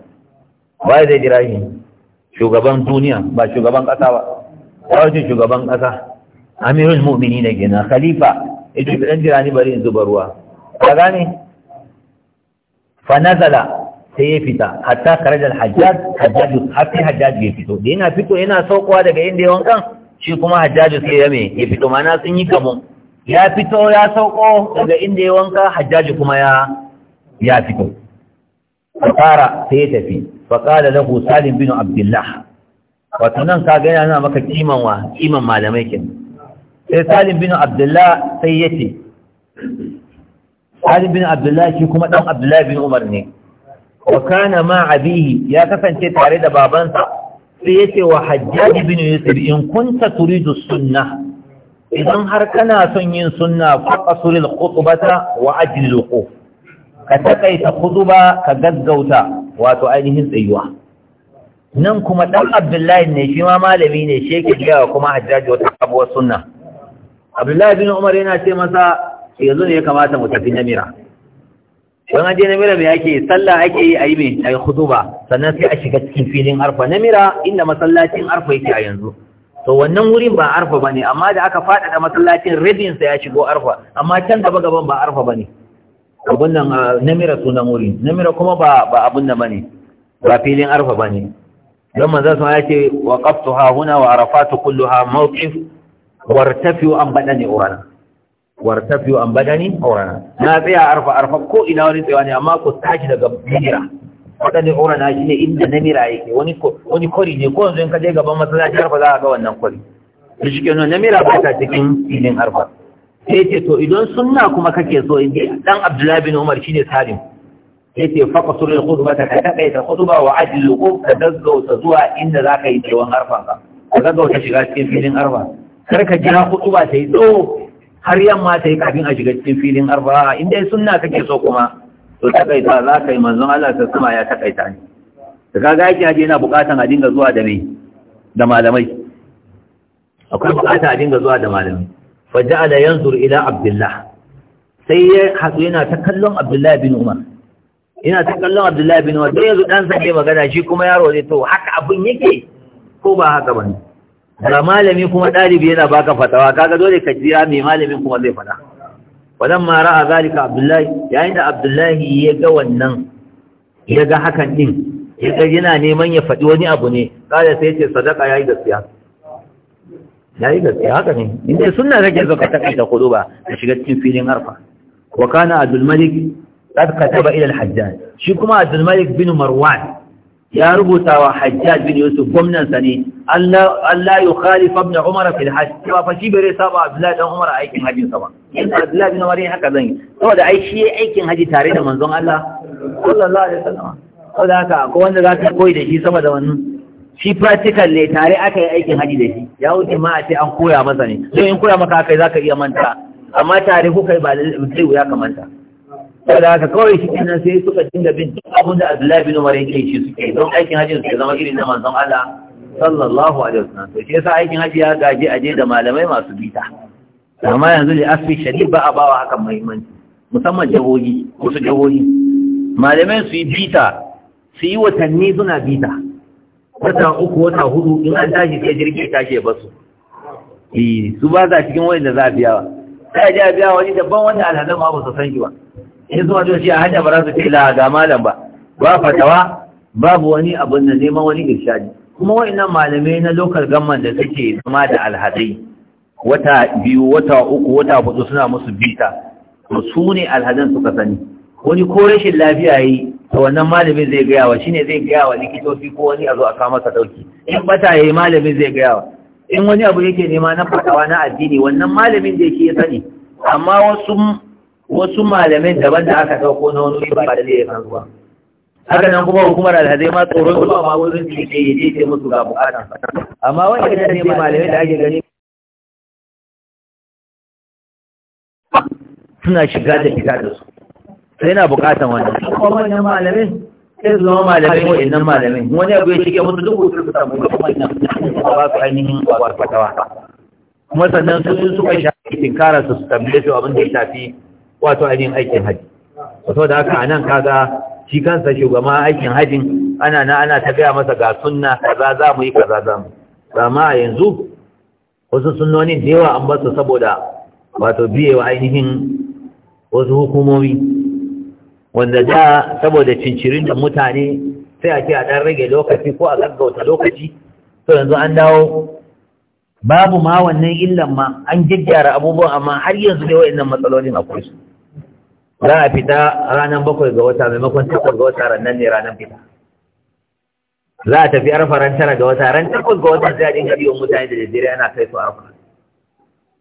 waye zai jira shi shugaban duniya ba shugaban ƙasa ba shi shugaban ƙasa amirul mu'mini na gina khalifa ya ce dan jira ni bari in zuba ruwa ka gane fa nazala sai ya fita hatta karajar hajjaj hajjaj hatta hajjaj ya fito da yana fito yana saukowa daga inda ya wankan shi kuma hajjaj sai ya me ya fito mana sun yi kamun ya fito ya sauko daga inda ya wanka hajjaj kuma ya ya fito fakara sai ya tafi fakara lahu salim bin abdullah wato nan ka ga yana maka kiman wa kiman malamai kenan sai salim bin abdullah sai ya ce. salim bin abdullah shi kuma dan abdullah bin umar ne wa kana ma abihi ya kasance tare da babansa sai yace wa hajjaj ibn yusuf in kunta turidu sunnah idan har kana son yin sunna faqasul khutbata wa ajlil wuquf ka takaita khutba ka gaggauta wato ainihin tsayuwa nan kuma dan abdullahi ne shi ma malami ne shi yake kuma hajjaj wata sabuwar sunna abdullahi bin umar yana ce masa yanzu ne ya kamata mu tafi namira don aje namira mai ake sallah ake yi a yi mai a yi ba sannan sai a shiga cikin filin arfa namira inda masallacin arfa yake a yanzu to wannan wurin ba arfa ba ne amma da aka faɗaɗa masallacin rabinsa ya shigo arfa amma can gaba gaban ba arfa ba ne abin nan namira sunan wurin namira kuma ba abin da ba ne ba filin arfa ba ne don manzan sun ya ce wa kaftu ha huna wa arafatu kullu ha mawqif wartafi an baɗa ne urana wartafiyu an badani aura na tsaya arfa arfa ko ina wani tsayawa ne amma ku tashi daga namira waɗannan na shi ne inda namira yake wani kori ne ko yanzu in ka je gaban masallaci arfa za a ga wannan kori. da shi ke namira ba ta cikin filin arfa sai ce to idan sunna kuma kake so in dan abdullahi bin umar shine salim sai ce faka surin khutba ta kai ta khutba wa ajilu ko ka ta zuwa inda za ka yi tsawon arfa ka ka gaggauta shiga cikin filin arfa kar ka jira khutba ta yi tsawo har yamma ta yi kafin a shiga cikin filin arba'a in dai sunna kake so kuma to takaita za ka yi manzon Allah ta sama ya takaita ne da ga yake haji yana bukatan a dinga zuwa da mai da malamai akwai bukata a dinga zuwa da malamai fa ja'ala yanzur ila abdullah sai ya hatsu yana ta kallon abdullah bin umar ina ta kallon abdullah bin umar dai yanzu dan sa magana shi kuma yaro zai to haka abun yake ko ba haka bane da malami kuma ɗalibi yana baka fatawa kaga dole ka jira mai malamin kuma zai fada wadan ma ra'a zalika abdullahi yayin da abdullahi ya ga wannan ya ga hakan din ya ga yana neman ya faɗi wani abu ne kada sai ce sadaka yayi gaskiya yayi gaskiya haka ne inda sunna kake so ka takaita kudu ba ka shiga cikin filin arfa wa kana abdul malik qad kataba ila al hajjaj shi kuma abdul malik bin marwan ya rubuta wa hajjaj bin yusuf gwamnan sa ne Allah ya khalifa ibn umar fil hajj cewa fa shi bare saba abdullahi dan umar aikin hajjin sa ba in abdullahi bin umar yin haka zan yi saboda ai shi aikin haji tare da manzon Allah sallallahu alaihi wasallam saboda haka akwai wanda za ka koyi da shi sama da wannan shi practical ne tare aka yi aikin haji da shi ya wuce ma a ce an koya masa ne don in koya maka kai za ka iya manta amma tare kuka yi ba zai wuya ka manta da haka kawai shi kenan sai suka dinga bin duk abin da Abdullahi bin Umar yake shi suke don aikin hajji su zama irin na manzon Allah sallallahu alaihi wasallam to shi yasa aikin hajji ya gaji aje da malamai masu bita amma yanzu da asfi shadid ba a bawa hakan muhimmanci musamman jahohi wasu jahohi malamai su yi bita su yi watanni suna bita wata uku wata hudu in an tashi sai jirgin tashi ya basu eh, su ba za cikin wani da za a biya ba sai a biya wani daban wanda alhazan ma ba su san shi ba in zuwa zuwa shi a hanya ba za su ce ila ga malam ba ba fatawa babu wani abin da neman wani irshadi kuma wa'annan malamai na lokal gamman da suke zama da alhazai wata biyu wata uku wata hudu suna musu bita su ne alhazan suka sani wani ko rashin lafiya yi ta wannan malamin zai gaya wa shine zai gaya wa likitoci ko wani a zo a kama masa dauki in bata yi malamin zai gaya wa in wani abu yake nema na fatawa na addini wannan malamin da yake ya sani amma wasu wasu malamai daban da aka ɗauko na wani ba da zai kan zuwa haka nan kuma hukumar alhazai ma tsoron zuwa ma wurin su ke yi sai musu ga bukatan amma wani da ne malamai da ake gani suna shiga da fita da su sai na bukatan wannan kuma wannan malamin. sai su zama malamai ko innan malamai wani abu ya shige musu duk wutar su samu kuma innan ba su ainihin kwakwatawa kuma sannan su suka shafi tinkararsu su tambaye su abin da ya shafi wato ainihin aikin haji wato da haka anan kaga shi kansa shugaban aikin hajin ana na ana ta gaya masa ga sunna kaza za mu yi kaza za mu amma yanzu wasu sunnonin da yawa an basu saboda wato wa ainihin wasu hukumomi wanda da saboda cincirin da mutane sai a ce a ɗan rage lokaci ko a gaggauta lokaci to yanzu an dawo babu ma wannan illan ma an gyaggyara abubuwan amma har yanzu dai wa'annan matsalolin akwai su za a fita ranar bakwai ga wata maimakon takwas ga wata ranar ne ranar fita za a tafi arfa ran tara ga wata ran takwas ga wata za a dinga biyan mutane da daddare ana kai su arfa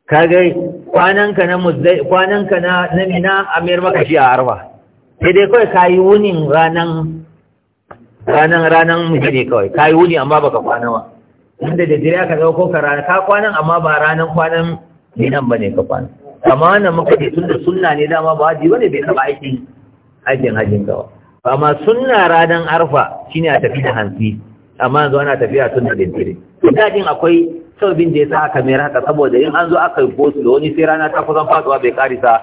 ka gai kwananka na muzdai kwananka na na mina a mayar maka shi a arfa sai dai kawai yi wunin ranan ranar ranan ne kawai Ka yi wuni amma baka kwana ba inda da dare ka dauko ka rana ka kwanan amma ba ranan kwanan minan ne ka kwana amma muka ce tun da sunna ne dama ba haji wani bai taɓa aikin aikin hajjin ba amma sunna ranar arfa shine a tafi da hantsi amma yanzu ana tafiya tun da dintire dajin akwai sabbin da ya sa aka mai haka saboda in an zo aka yi bosu da wani sai rana ta kusan faduwa bai karisa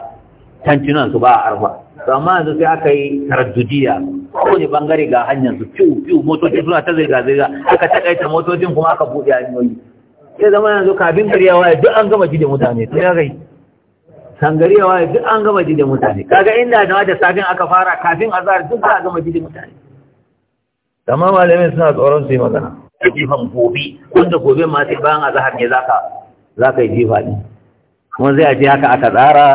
tantinan su ba a arfa to amma yanzu sai aka yi taraddudiya kowane bangare ga hanyar su fiw fiw motocin suna ta zirga zirga aka takaita motocin kuma aka buɗe hanyoyi sai zama yanzu kafin karyawa duk an gama jide mutane sai ya sangari waye duk an gama ji da mutane kaga inda da wata safin aka fara kafin azhar duk za a gama ji mutane amma malamin suna tsoron su yi magana a jifan gobe wanda gobe ma sai bayan azhar ne zaka zaka yi jifa ne kuma zai ajiye haka aka tsara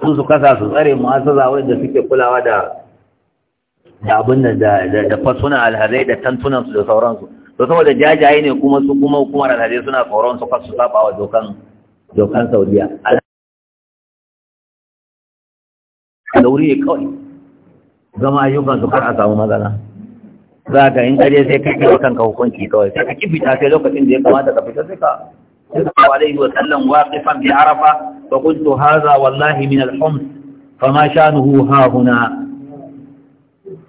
su su kasa su tsare mu'assasa wanda suke kulawa da da abin nan da da fasuna alhazai da tantunan su da sauransu to saboda jajaye ne kuma su kuma hukumar alhazai suna tsoron su kasu saba wa dokan dokan Saudiya da ya kawai zama ayyukan su kar a samu matsala za ka in kare sai kake wa kanka hukunci kawai sai ka sai lokacin da ya kamata ka fita sai ka sai ka wa alaihi wa sallam wa qifan bi arafa fa qultu hadha wallahi min al-hums fa ma shanuhu ha huna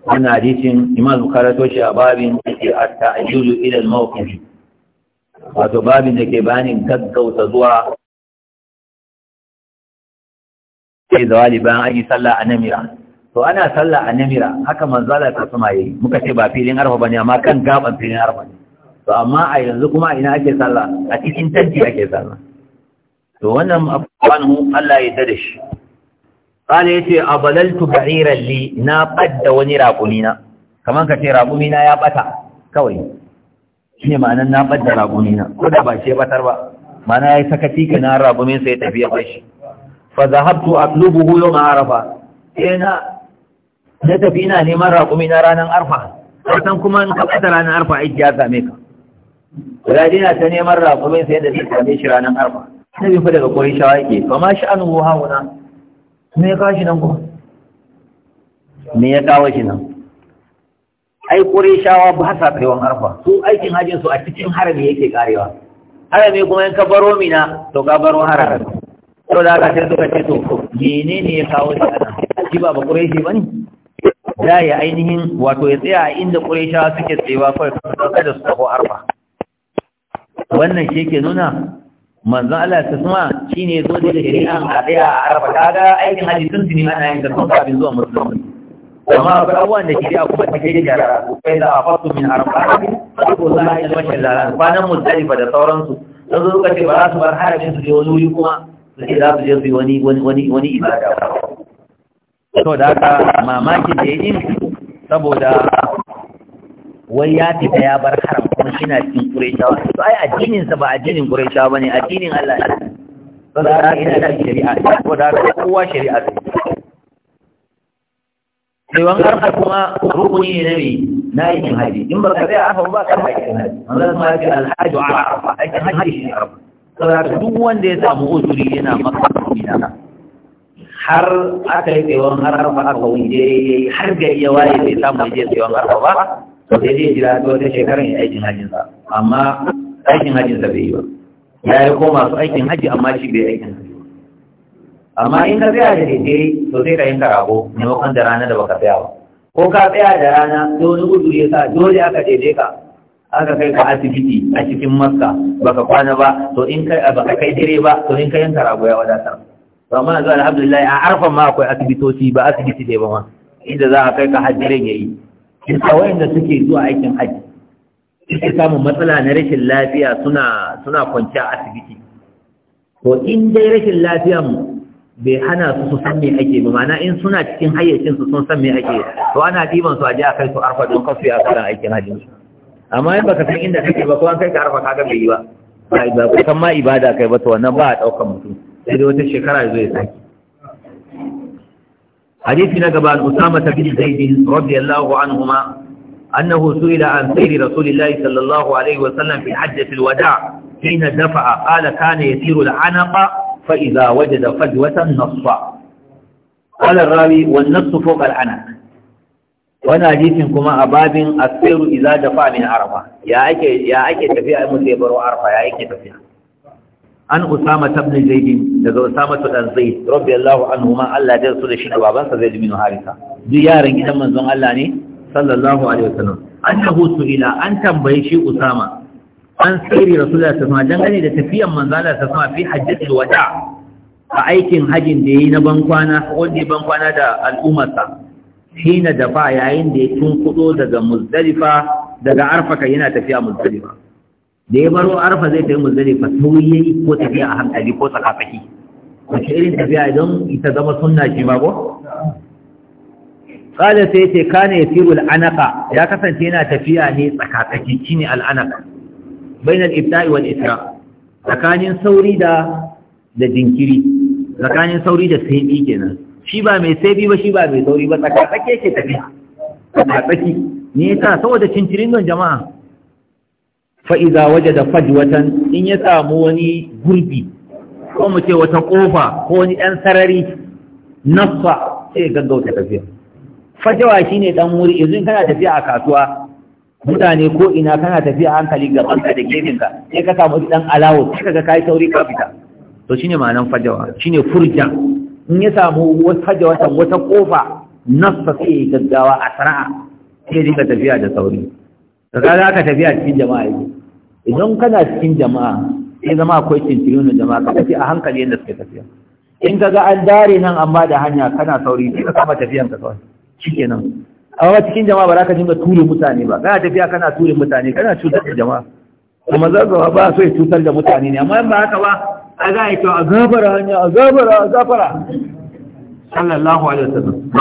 ana hadisin imam bukhari to shi a babin da ke atta ayyulu ila al-mawqif wato babin da ke bani gaggauta zuwa sai zawali bayan an yi sallah a namira to ana sallah a namira haka manzala ta sama yi muka ce ba filin arfa bane amma kan gaban filin arfa ne to amma a yanzu kuma ina ake sallah a cikin tanti ake sallah to wannan afwanu Allah ya dade shi qala yace abalaltu ba'iran li na badda wani raqumina kaman ka ce raqumina ya bata kawai shine ma'anan na badda raqumina ko da ba shi ya batar ba ma'ana yayi sakati kana raqumin sai tafiya bashi Fazahabtu, zahabtu atlubuhu yawm arafa sai na na tafi ina neman raƙumi na ranar arfa sannan kuma in ka ɓata ranar arfa aiki ya same ka guda dina ta neman raƙumin sai da ta same shi ranar arfa na bifa daga ƙorin shawa yake fa ma shi an wuha me ya shi nan kuma me ya kawo shi nan ai ƙorin shawa ba sa kaiwan arfa su aikin hajjin su a cikin harami yake karewa harami kuma in ka baro mina to ka baro harami sau da aka sai suka ce to mene ne ya kawo shi a shi ba ba ƙureshi ba ne da ya ainihin wato ya tsaya a inda ƙureshawa suke tsayewa kawai kada su taho arba. wannan shi ke nuna manzon Allah ta suma shi ne zo da shari'a a tsaya a arfa ta ga aikin hajji sun ne ana yin zarfin kafin zuwa musulmi amma akwai abubuwan da shari'a kuma take gyara kai da fasu min arfa ko za a yi da zaran kwanan ba da sauransu sun zo suka ce ba za su bar harafin su je wani wuri kuma suke za su je su yi wani wani wani ibada to da haka mamakin da ya yi saboda wai ya fita ya bar haram kuma shi na cikin Qurayshawa to ai addinin sa ba addinin ba bane addinin Allah ne da haka ina da shari'a da haka kowa shari'a ne sai wan arha kuma rukuni ne na na yin haji in ba barka sai arha ba ka haji manzo ma ya alhaji a arafa aikin haji shi arafa karatu duk wanda ya samu uzuri yana maka mina har aka yi tsayuwar har harfa aka wuje har gari ya waye bai samu je tsayuwar harfa ba to sai zai jira ta wata shekarar yin aikin hajjinsa amma aikin hajjinsa bai yi ba ya yi koma su aikin hajji amma shi bai aikin hajji amma in ka tsaya da daidai to sai ka yanka karago maimakon da rana da baka tsaya ba ko ka tsaya da rana da wani gudu ya sa dole aka daidai ka aka kai ka asibiti a cikin maska baka kwana ba to in kai baka kai dire ba to in kai yanka rago ya wadatar to amma yanzu alhamdulillah a arfan ma akwai asibitoci ba asibiti dai ba ma inda za a kai ka hajjiren yayi in kawai da suke zuwa aikin hajji suke samun matsala na rashin lafiya suna suna kwanciya asibiti to in dai rashin lafiyan bai hana su su san me ake ba ma'ana in suna cikin hayyacin su sun san me ake to ana diban su a je a kai su arfa don kasu ya karan aikin hajjin su amma in baka san inda kake ba ko kai ka arfa kaga bai yi ba ba ba ko san ma ibada kai ba to wannan ba a ɗaukan mutum sai da wata shekara ya saki hadisi na gaba al-usama bin zaid radiyallahu anhuma suila سئل عن سير رسول الله صلى الله عليه وسلم في حجة الوداع حين دفع قال كان يسير العنق فإذا وجد فجوة نصا قال الراوي والنص فوق العنق wani hadisin kuma a babin asiru iza da fa min arfa ya ake ya ake tafiya in mutum ya baro arfa ya ake tafiya an usama ibn zaid daga usama ta dan zaid radiyallahu anhu ma Allah da su da shi baban sa zaid bin harisa duk yaran gidan manzon Allah ne sallallahu alaihi wasallam annahu su'ila an tambaye shi usama an sirri rasulullah sallallahu alaihi wasallam dangane da tafiyan manzon Allah sallallahu alaihi wasallam fi hajjatul wada a aikin hajin da yayi na bankwana wanda ya bankwana da al'ummarsa hina dafa yayin da ya tunkuɗo daga muzdalifa daga arfa kai yana tafiya muzdalifa da ya baro arfa zai tafi muzdalifa sauyi ko tafiya a hankali ko tsakatsaki wace irin tafiya idan ita zama sunna shi ba ko qala sai ce kana al anaka ya kasance yana tafiya ne tsakatsaki shine al anaka bainal ibda'i wal isra tsakanin sauri da da dinkiri tsakanin sauri da sai kenan shi ba mai saibi ba shi ba mai sauri ba tsaka tsake yake tafiya Kuma tsaki ne yasa saboda cincirin don jama'a fa iza wajada fajwatan in ya samu wani gurbi ko mu ce wata kofa ko wani ɗan sarari nafa, sai gaggauta tafiya fajawa shine dan wuri yanzu kana tafiya a kasuwa mutane ko ina kana tafiya a hankali ga banka da ka? sai ka samu dan alawo sai kaga kai sauri ka fita to shine ma'anan fajawa shine furja in ya samu wata watan wata kofa nasa sai ya gaggawa a sana'a sai dinga tafiya da sauri da za ka tafiya cikin jama'a yake idan kana cikin jama'a sai zama akwai cincirin jama'a ka tafi a hankali yadda suke tafiya in ka ga an dare nan amma da hanya kana sauri sai ka kama tafiyan ka kawai nan amma cikin jama'a ba za ka dinga ture mutane ba kana tafiya kana ture mutane kana cutar da jama'a kuma zarzawa ba so ya cutar da mutane ne amma in ba haka ba a za a yi cewa a gafara hanya a gafara a gafara sallallahu alaihi wasallam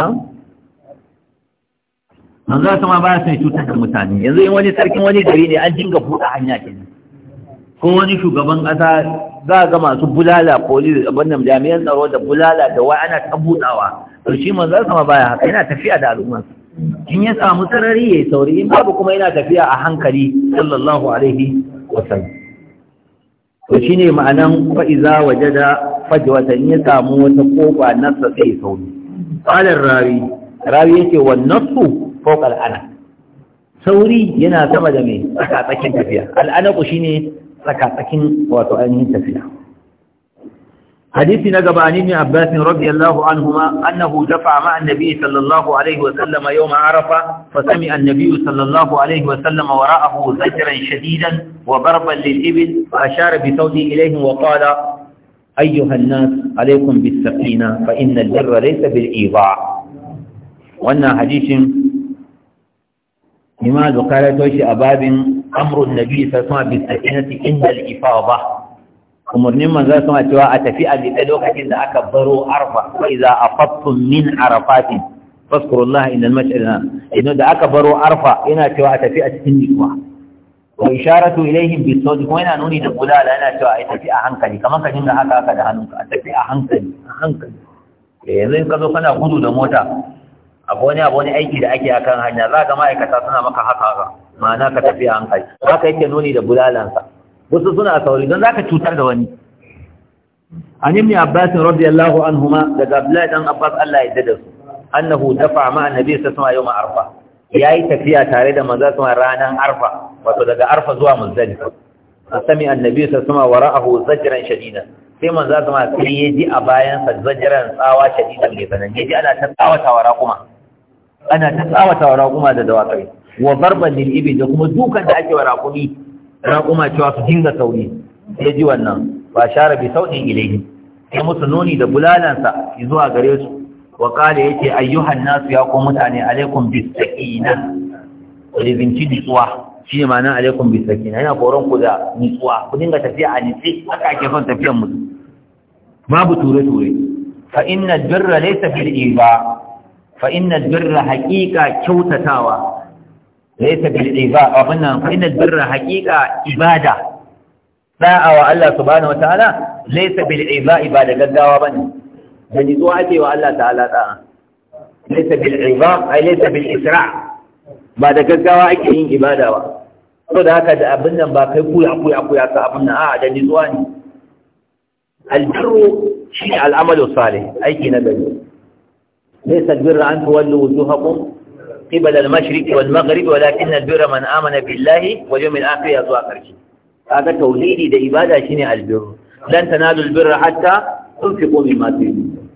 manzo ya sama baya son cutar da mutane yanzu yin wani sarkin wani gari ne an dinga buɗe hanya kenan ko wani shugaban ƙasa za a ga masu bulala police abin jami'an tsaro da bulala da wai ana ta buɗawa to shi manzo ya sama baya haka yana tafiya da al'umma. in ya samu sarari ya yi sauri in babu kuma yana tafiya a hankali sallallahu alaihi wasallam to shine ma'anan fa'iza wajada fajwatan ya samu wata kofa nasa sai sauri qalar rawi yake wa nasu fawqa al sauri yana sama da mai tsakatsakin tafiya al ku shine tsaka tsakin wato ainihin tafiya hadisi na gaba ni ne Abbas radiyallahu anhuma annahu dafa ma annabi sallallahu alaihi wa sallama yawm ma'arafa. fa sami sallallahu alaihi wa sallama wara'ahu shadidan wa barban lil ibil fa ashara bi sawti ilayhi wa qala ayyuha an-nas alaykum bis safina fa inna al-birra laysa bil idaa wannan hadisin imam a babin amrun nabi umarnin manzon sama cewa a tafi a miƙe lokacin da aka baro arfa fa iza afattum min arafatin fazkurullah inda mash'alina idan da aka baro arfa yana cewa a tafi a cikin nikuwa wa isharatu ilaihim bi sawti kuma yana nuni da bulala yana cewa a tafi a hankali kamar ka dinga haka haka da hannunka a tafi a hankali a hankali eh, yanzu in ka zo kana gudu da mota A wani abu wani aiki da ake akan hanya za ga ma'aikata suna maka haka haka ma'ana ka tafi a hankali haka yake nuni da bulalansa wasu suna sauri don zaka cutar da wani an yi ibn abbas radiyallahu anhuma daga abdullahi dan abbas Allah ya dada su annahu dafa ma annabi sallallahu alaihi wasallam arfa Ya yi tafiya tare da manzo sallallahu ranar arfa wato daga arfa zuwa muzdalifa sami annabi sallallahu alaihi wasallam wara'ahu zajran shadida sai maza sallallahu alaihi ya ji a bayan sa zajran tsawa shadida mai tsanani yaji ana ta tsawatawa raquma ana ta tsawata wa raƙuma da dawakai wa barban lil ibi da kuma dukan da ake wa raƙumi. kuma cewa su dinga sauri ya ji wannan ba share bi sauɗin ilayhi sai musu nuni da bulalansa zuwa gare su wa kale yake ayyuhan nasu ya ku mutane alaikum bisakina rizinci nutsuwa shi ne ma'ana alaikum bisakina yana koron ku da nutsuwa ku dinga tafiya a nitsi haka ake son tafiyan musu babu ture-ture fa inna birra laysa fil iba fa inna birra haqiqa kyautatawa laysa bil ibada abin nan inal birra haqiqa ibada da'a wa Allah subhanahu wataala laysa bil ibada ibada gaggawa bane da zuwa ake wa Allah ta'ala da'a laysa bil ibada ai laysa bil isra ba da gaggawa ake yin ibada ba to da haka da abin nan ba kai kuya kuya kuya ka abin nan a'a da zuwa ne Al albirru shi al'amalu salih aiki na gari laysa birra an tuwallu wujuhakum قبل المشرق والمغرب ولكن البر من آمن بالله واليوم الآخر يزوى قرشي هذا توحيدي ده إبادة شنع البر لن تنالوا البر حتى تنفقوا مما تريدون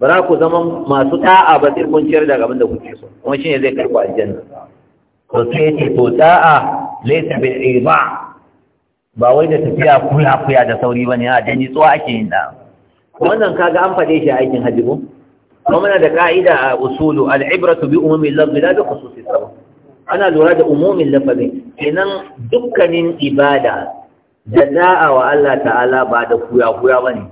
براكو زمن ما سطاعة بسير كون شردا قبل ده كنت يسوى ومشين يذكر قوى الجنة وكيتي تطاعة ليس بالإيضاع باوي ده تفيا كلها فيا ده ثوري بني هذا نسوى أشين ده wannan kaga an faɗe shi aikin hajji ko ومن هذا قاعدة أصول العبرة بأمم اللفظ لا بخصوص السبب أنا لراد أمم اللفظ إن دكان إبادة جزاء والله تعالى بعد خويا خويا بني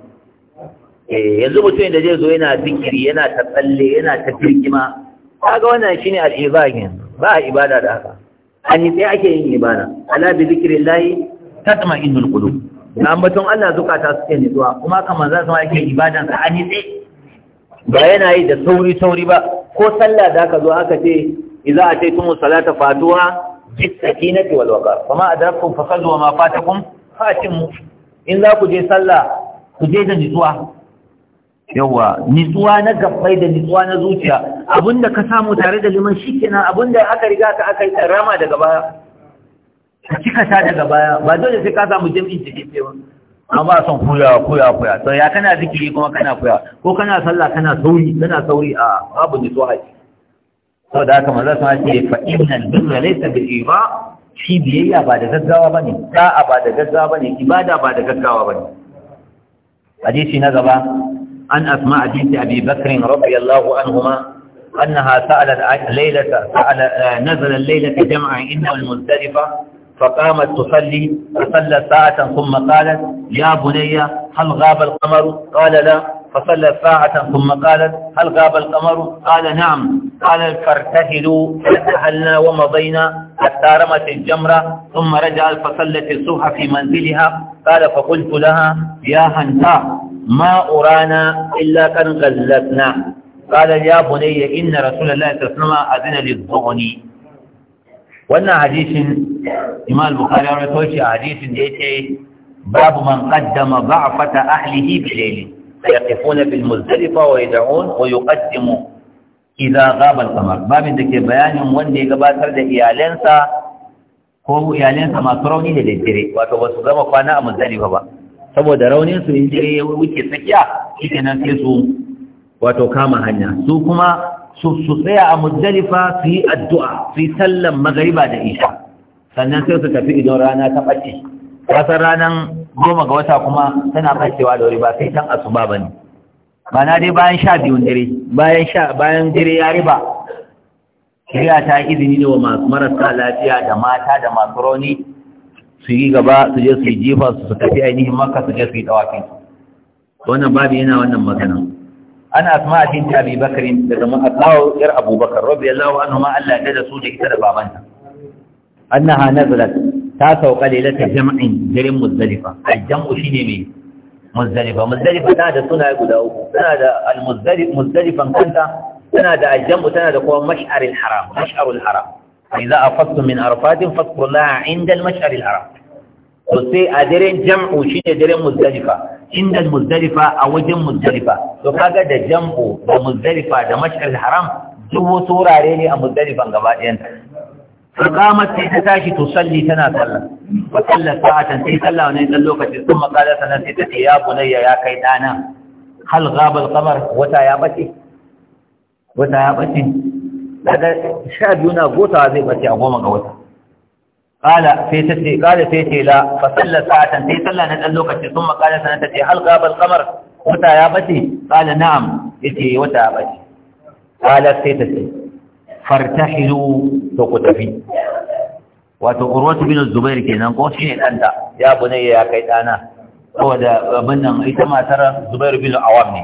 yanzu mutum da zai zo yana zikiri yana ta tsalle yana ta kirkima kaga wannan shine al ba ibada da haka an yi sai ake yin ibada ala bi tatma'innul qulub na ambaton Allah zukata suke nutsuwa kuma kamar za su ma yake ibadan ka an ba yana yi da sauri sauri ba ko sallah da aka zo aka ce idza ataytum salata fatuha bis sakinati wal waqar fama adrakum fasallu wa ma fatakum fatimu in za ku je sallah ku je da nitsuwa yawa nitsuwa na gabbai da nitsuwa na zuciya abinda ka samu tare da liman shikenan abinda aka riga ka aka yi rama daga baya ka cika ta daga baya ba dole sai ka samu jam'in cikin ba amma son koyawa koyawa koya to ya kana zikiri kuma kana koya ko kana sallah kana sauri kana sauri a babu ne so haji saboda aka maza sun ce fa innal birra laysa bil ba, shi biyayya ba da gaggawa ba ne, da'a ba da gaggawa bane ibada ba da gaggawa bane hadisi na gaba an asma hadisi abi An radiyallahu anhuma أنها سألت ليلة سأل نزل jama'a جمعا إنه المزدلفة فقامت تصلي فصلى ساعة ثم قالت يا بني هل غاب القمر قال لا فصلى ساعة ثم قالت هل غاب القمر قال نعم قال فارتهلوا فارتهلنا ومضينا حتى رمت الجمرة ثم رجعت فصلت الصبح في منزلها قال فقلت لها يا هنتا ما أرانا إلا كان غلتنا قال يا بني إن رسول الله صلى الله عليه وسلم أذن للظغن wannan hadisin imal bukari ya rato shi a hadisin da yake babu man qaddama ba'fata ahlihi bi layli yaqifuna bil muzdalifa wa yad'un wa yuqaddimu idza ghaba al-qamar babin da ke bayanin wanda ya gabatar da iyalansa ko iyalansa masu rauni da daddare wato ba su gama kwana a muzdalifa ba saboda raunin su in dare ya wuce tsakiya shikenan sai su wato kama hanya su kuma su su tsaya a muzdalifa su yi addu'a su yi sallan magariba da isha sannan sai su tafi idan rana ta ɓace wasan ranar goma ga wata kuma tana ɓacewa da wuri ba sai can asuba ba ne ba na dai bayan sha biyun dare bayan sha bayan dare ya riba shirya ta izini ne wa masu marasa lafiya da mata da masu rauni su yi gaba su je su yi jifa su tafi ainihin maka su je su yi dawakin wannan babu yana wannan magana ana asma binti abi bakarin da zama akawo yar abubakar radiyallahu anhu ma Allah ya da su da ita da babanta annaha nazalat ta sauka lilata jam'in jirin muzdalifa aljamu shine mai muzdalifa muzdalifa tana da suna guda uku tana da almuzdalif kanta tana da aljamu tana da kuma mash'aril haram mash'arul haram a afattum min arfatin fadkurullaha inda almash'aril haram to sai a daren jam'u shine daren muzdalifa inda muzdalifa a wajen muzdalifa to kaga da jambo da muzdalifa da mashkal haram duk wasu wurare ne a muzdalifan gaba ɗayan kamar sai ta tashi to salli tana sallah wa salla sa'atan sai salla ne dan lokaci sun makala sanan sai ta ce ya bunayya ya kai dana hal ghaba al-qamar wata ya bace wata ya bace daga sha biyu na gotawa zai bace a goma ga wata قال في تتي قال في تي لا فصلى ساعة في صلى نتن لوكتي ثم قال سنتتي هل غاب القمر متى يا بتي قال نعم يتي وتا بتي قال في to فارتحلوا تقتفي wato urwatu bin zubair kenan ko shine da ya bunai ya kai dana saboda abin nan ita matar zubair bin awam ne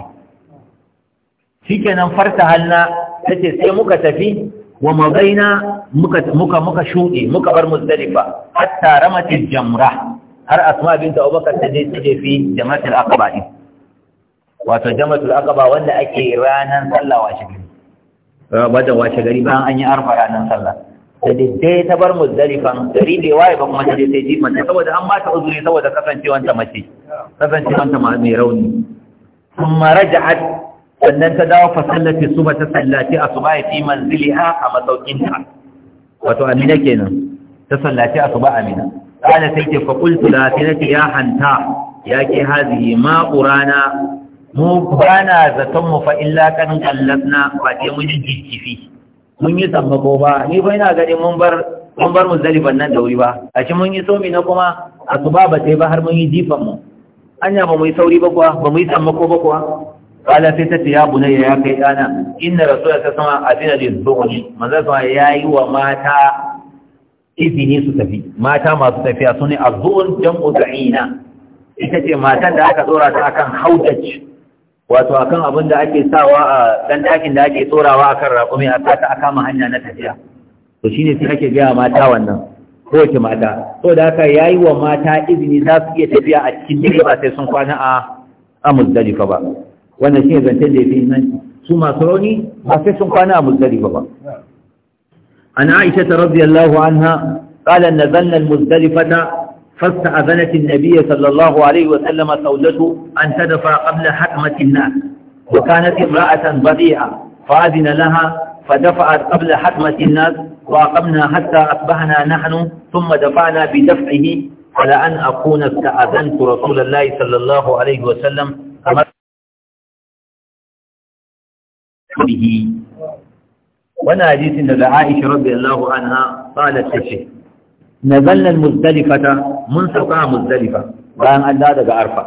shikenan farta halna tace sai muka tafi wa magaina muka muka muka shuɗe muka bar muzdalifa hatta ramatil jamra har asma binta abubakar ta je ta jefi jama'atul aqaba din wato jama'atul aqaba wanda ake ranan sallah washe gari bada washe gari bayan an yi arfa ranan sallah da daidai ta bar muzdalifan gari da waye ba kuma ta je sai jima mace saboda an mata uzuri saboda kasancewanta mace kasancewanta mai rauni kuma raja'at sannan ta dawo fa sallati suba ta sallati asuba fi manziliha a masaukinta wato amina kenan ta sallati asuba amina qala sai ce fa qultu la tinati ya hanta ya ke hazihi ma qurana mu bana zaton mu fa illa kan kallatna ba ce mun jijjifi mun yi sammako ba ni fa ina gani mun bar mun bar muzdalifan nan da wuri ba a shi mun yi somi na kuma asuba ba sai ba har mun yi jifan mu anya ba mu yi sauri ba kuwa ba mu yi sammako ba kuwa kala sai ta ce ya bunayya ya kai ɗana. inna rasulullah ta sama a adina lil zuhri manzo sama yi wa mata izini su tafi mata masu tafiya su ne azun jam'u da'ina ita ce matan da aka tsora ta akan haudaj wato akan abin da ake sawa a dan takin da ake tsorawa akan raƙumi a sata aka ma hanya na tafiya to shine sai ake gaya mata wannan kowace mata to da haka ya yi wa mata izini za su iya tafiya a cikin dare ba sai sun kwana a a muzdalifa ba wannan shi ne zancen da ya fi inganci su masu rauni ba sai sun kwana a muzdalifa ba an aisha ta radiyallahu anha qala nazalna al-muzdalifata فاستأذنت النبي صلى الله عليه وسلم زوجته أن تدفع قبل حكمة الناس وكانت امرأة بضيئة فأذن لها فدفعت قبل حكمة الناس وأقمنا حتى أصبحنا نحن ثم دفعنا بدفعه فلأن أكون استأذنت رسول الله صلى الله عليه وسلم bihi wannan hadisin daga Aisha radiyallahu anha qalat tace nazalna al-muzdalifata mun sauka muzdalifa bayan an da daga arfa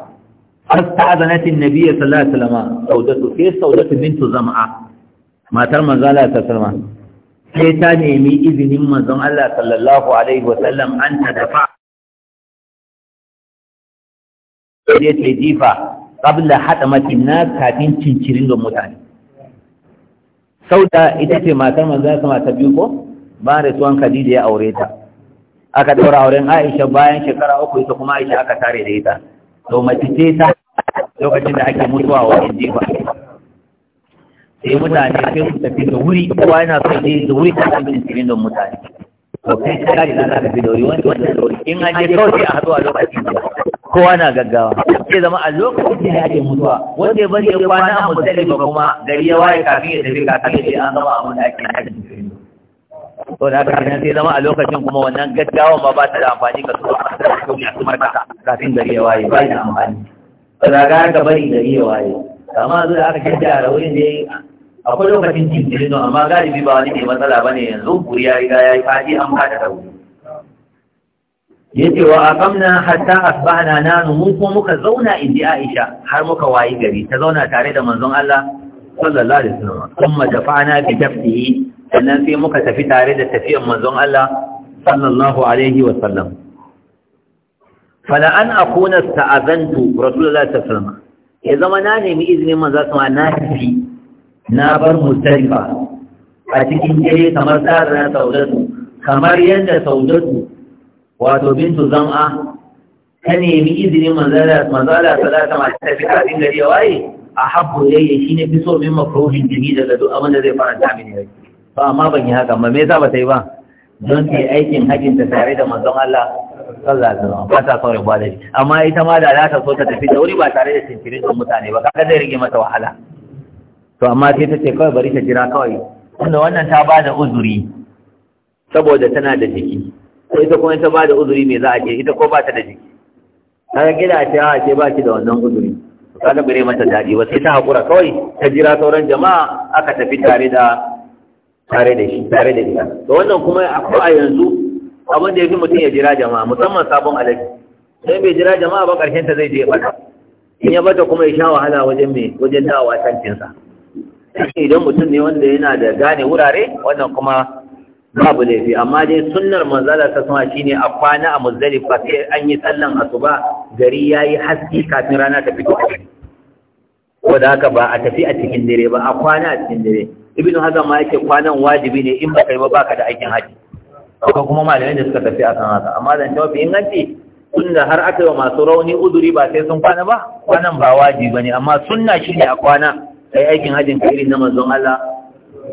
fasta'azanat an-nabiy sallallahu alaihi wasallam saudatu ke saudatu bintu zam'a matar manzo Allah sallallahu sai ta nemi izinin manzon Allah sallallahu alaihi wasallam an ta dafa sai ta jifa qabla hadamatin nas kafin cincirin mutane sauda ita ce matar manzan sama ta biyu ko ba da tuwon khadija ya aure ta aka daura auren aisha bayan shekara uku ita kuma aisha aka tare da ita to mace ce ta lokacin da ake mutuwa wa inji ba sai mutane sai su tafi da wuri kowa yana so je da wuri ta tafi da cikin don mutane to kai da kare na tafi da wuri wanda wanda in an je kawai a haɗu a lokacin da kowa na gaggawa sai zama a lokacin da ke mutuwa wanda ya bari ya kwana a musulmi ba kuma gari ya waye kafin ya tafi kafin ya an zama abin da ake yi to da haka kenan sai zama a lokacin kuma wannan gaggawa ba ba ta da amfani ka zuwa a ko ya kuma ka kafin gari ya waye ba da amfani ba za ka bari gari ya waye amma da aka kanta a rawin da akwai lokacin jinjirin amma galibi ba wani ne matsala bane yanzu Buri ya riga ya yi fadi an ba da rauni yace wa aqamna hatta asbahna nanu mun ko muka zauna ji Aisha har muka wayi gari ta zauna tare da manzon Allah sallallahu alaihi wasallam kuma dafa'na bi tafsihi sannan sai muka tafi tare da tafiyar manzon Allah sallallahu alaihi wasallam fala an akuna sta'azantu rasulullahi sallallahu alaihi wasallam ya zama na nemi izinin manzon Allah na tafi na bar mutarifa a cikin dare kamar tsarin saudatu kamar yadda saudatu wato bintu zam'a ta nemi izinin manzala salata masu tafi kafin gari ya waye a habbo yi shi ne fi so min makaruhin jini daga duk abin da zai faranta mini ne to amma ban yi haka ba me yasa ba ta yi ba don ta yi aikin hajjin ta tare da manzon Allah sallallahu alaihi wasallam ta da shi amma ita ma da za ta so ta tafi da wuri ba tare da sintirin ɗin mutane ba kaga zai rage mata wahala to amma sai ta ce kawai bari ta jira kawai wanda wannan ta ba da uzuri saboda tana da jiki sai ita kuma ta ba da uzuri me za a ce ita ko ba ta da jiki kaga gida ce a ce ah, ba ki da wannan uzuri ga bare mata daɗi ba sai ta hakura kawai ta jira sauran jama'a aka tafi tare da tare da shi tare da ita to wannan kuma a yanzu abin da fi mutum ya jira jama'a musamman sabon alaji sai bai jira jama'a ba karshen ta zai je ba in ya bata kuma ya sha wahala wajen me wajen dawa tantinsa idan mutum ne wanda yana da gane wurare wannan kuma babu laifi amma dai sunnar manzala ta sama shine a kwana a muzdalifa sai an yi sallan asuba gari yayi haske kafin rana ta fito da haka ba a tafi a cikin dare ba a kwana a cikin dare ibnu hazan ma yake kwanan wajibi ne in ba yi ba baka da aikin haji ko kuma malamai da suka tafi akan haka amma dan tawafi in ganti sunna har aka yi masu rauni uduri ba sai sun kwana ba kwanan ba wajibi bane amma sunna shine a kwana kai aikin hajin ka irin na manzon Allah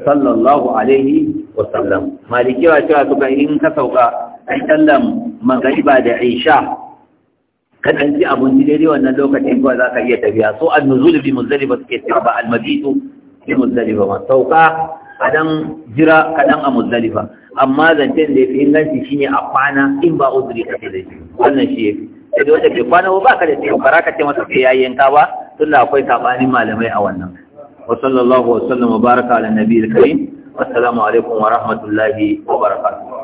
sallallahu alaihi wa sallam malikiya cewa suka in ka sauka ai sallam magariba da isha ka dan ji abinci daidai wannan lokacin ko za ka iya tafiya so an-nuzul bi muzdalifa suke cewa ba al-mabitu bi muzdalifa ma sauka kadan jira kadan a muzdalifa amma zancen da yafi inganci shine a kwana in ba uzuri ka da shi wannan shi yafi sai wata ke kwana ba ka da shi ba ka ce masa sai yayin ka ba tunda akwai sabanin malamai a wannan وصلى الله وسلم وبارك على النبي الكريم والسلام عليكم ورحمة الله وبركاته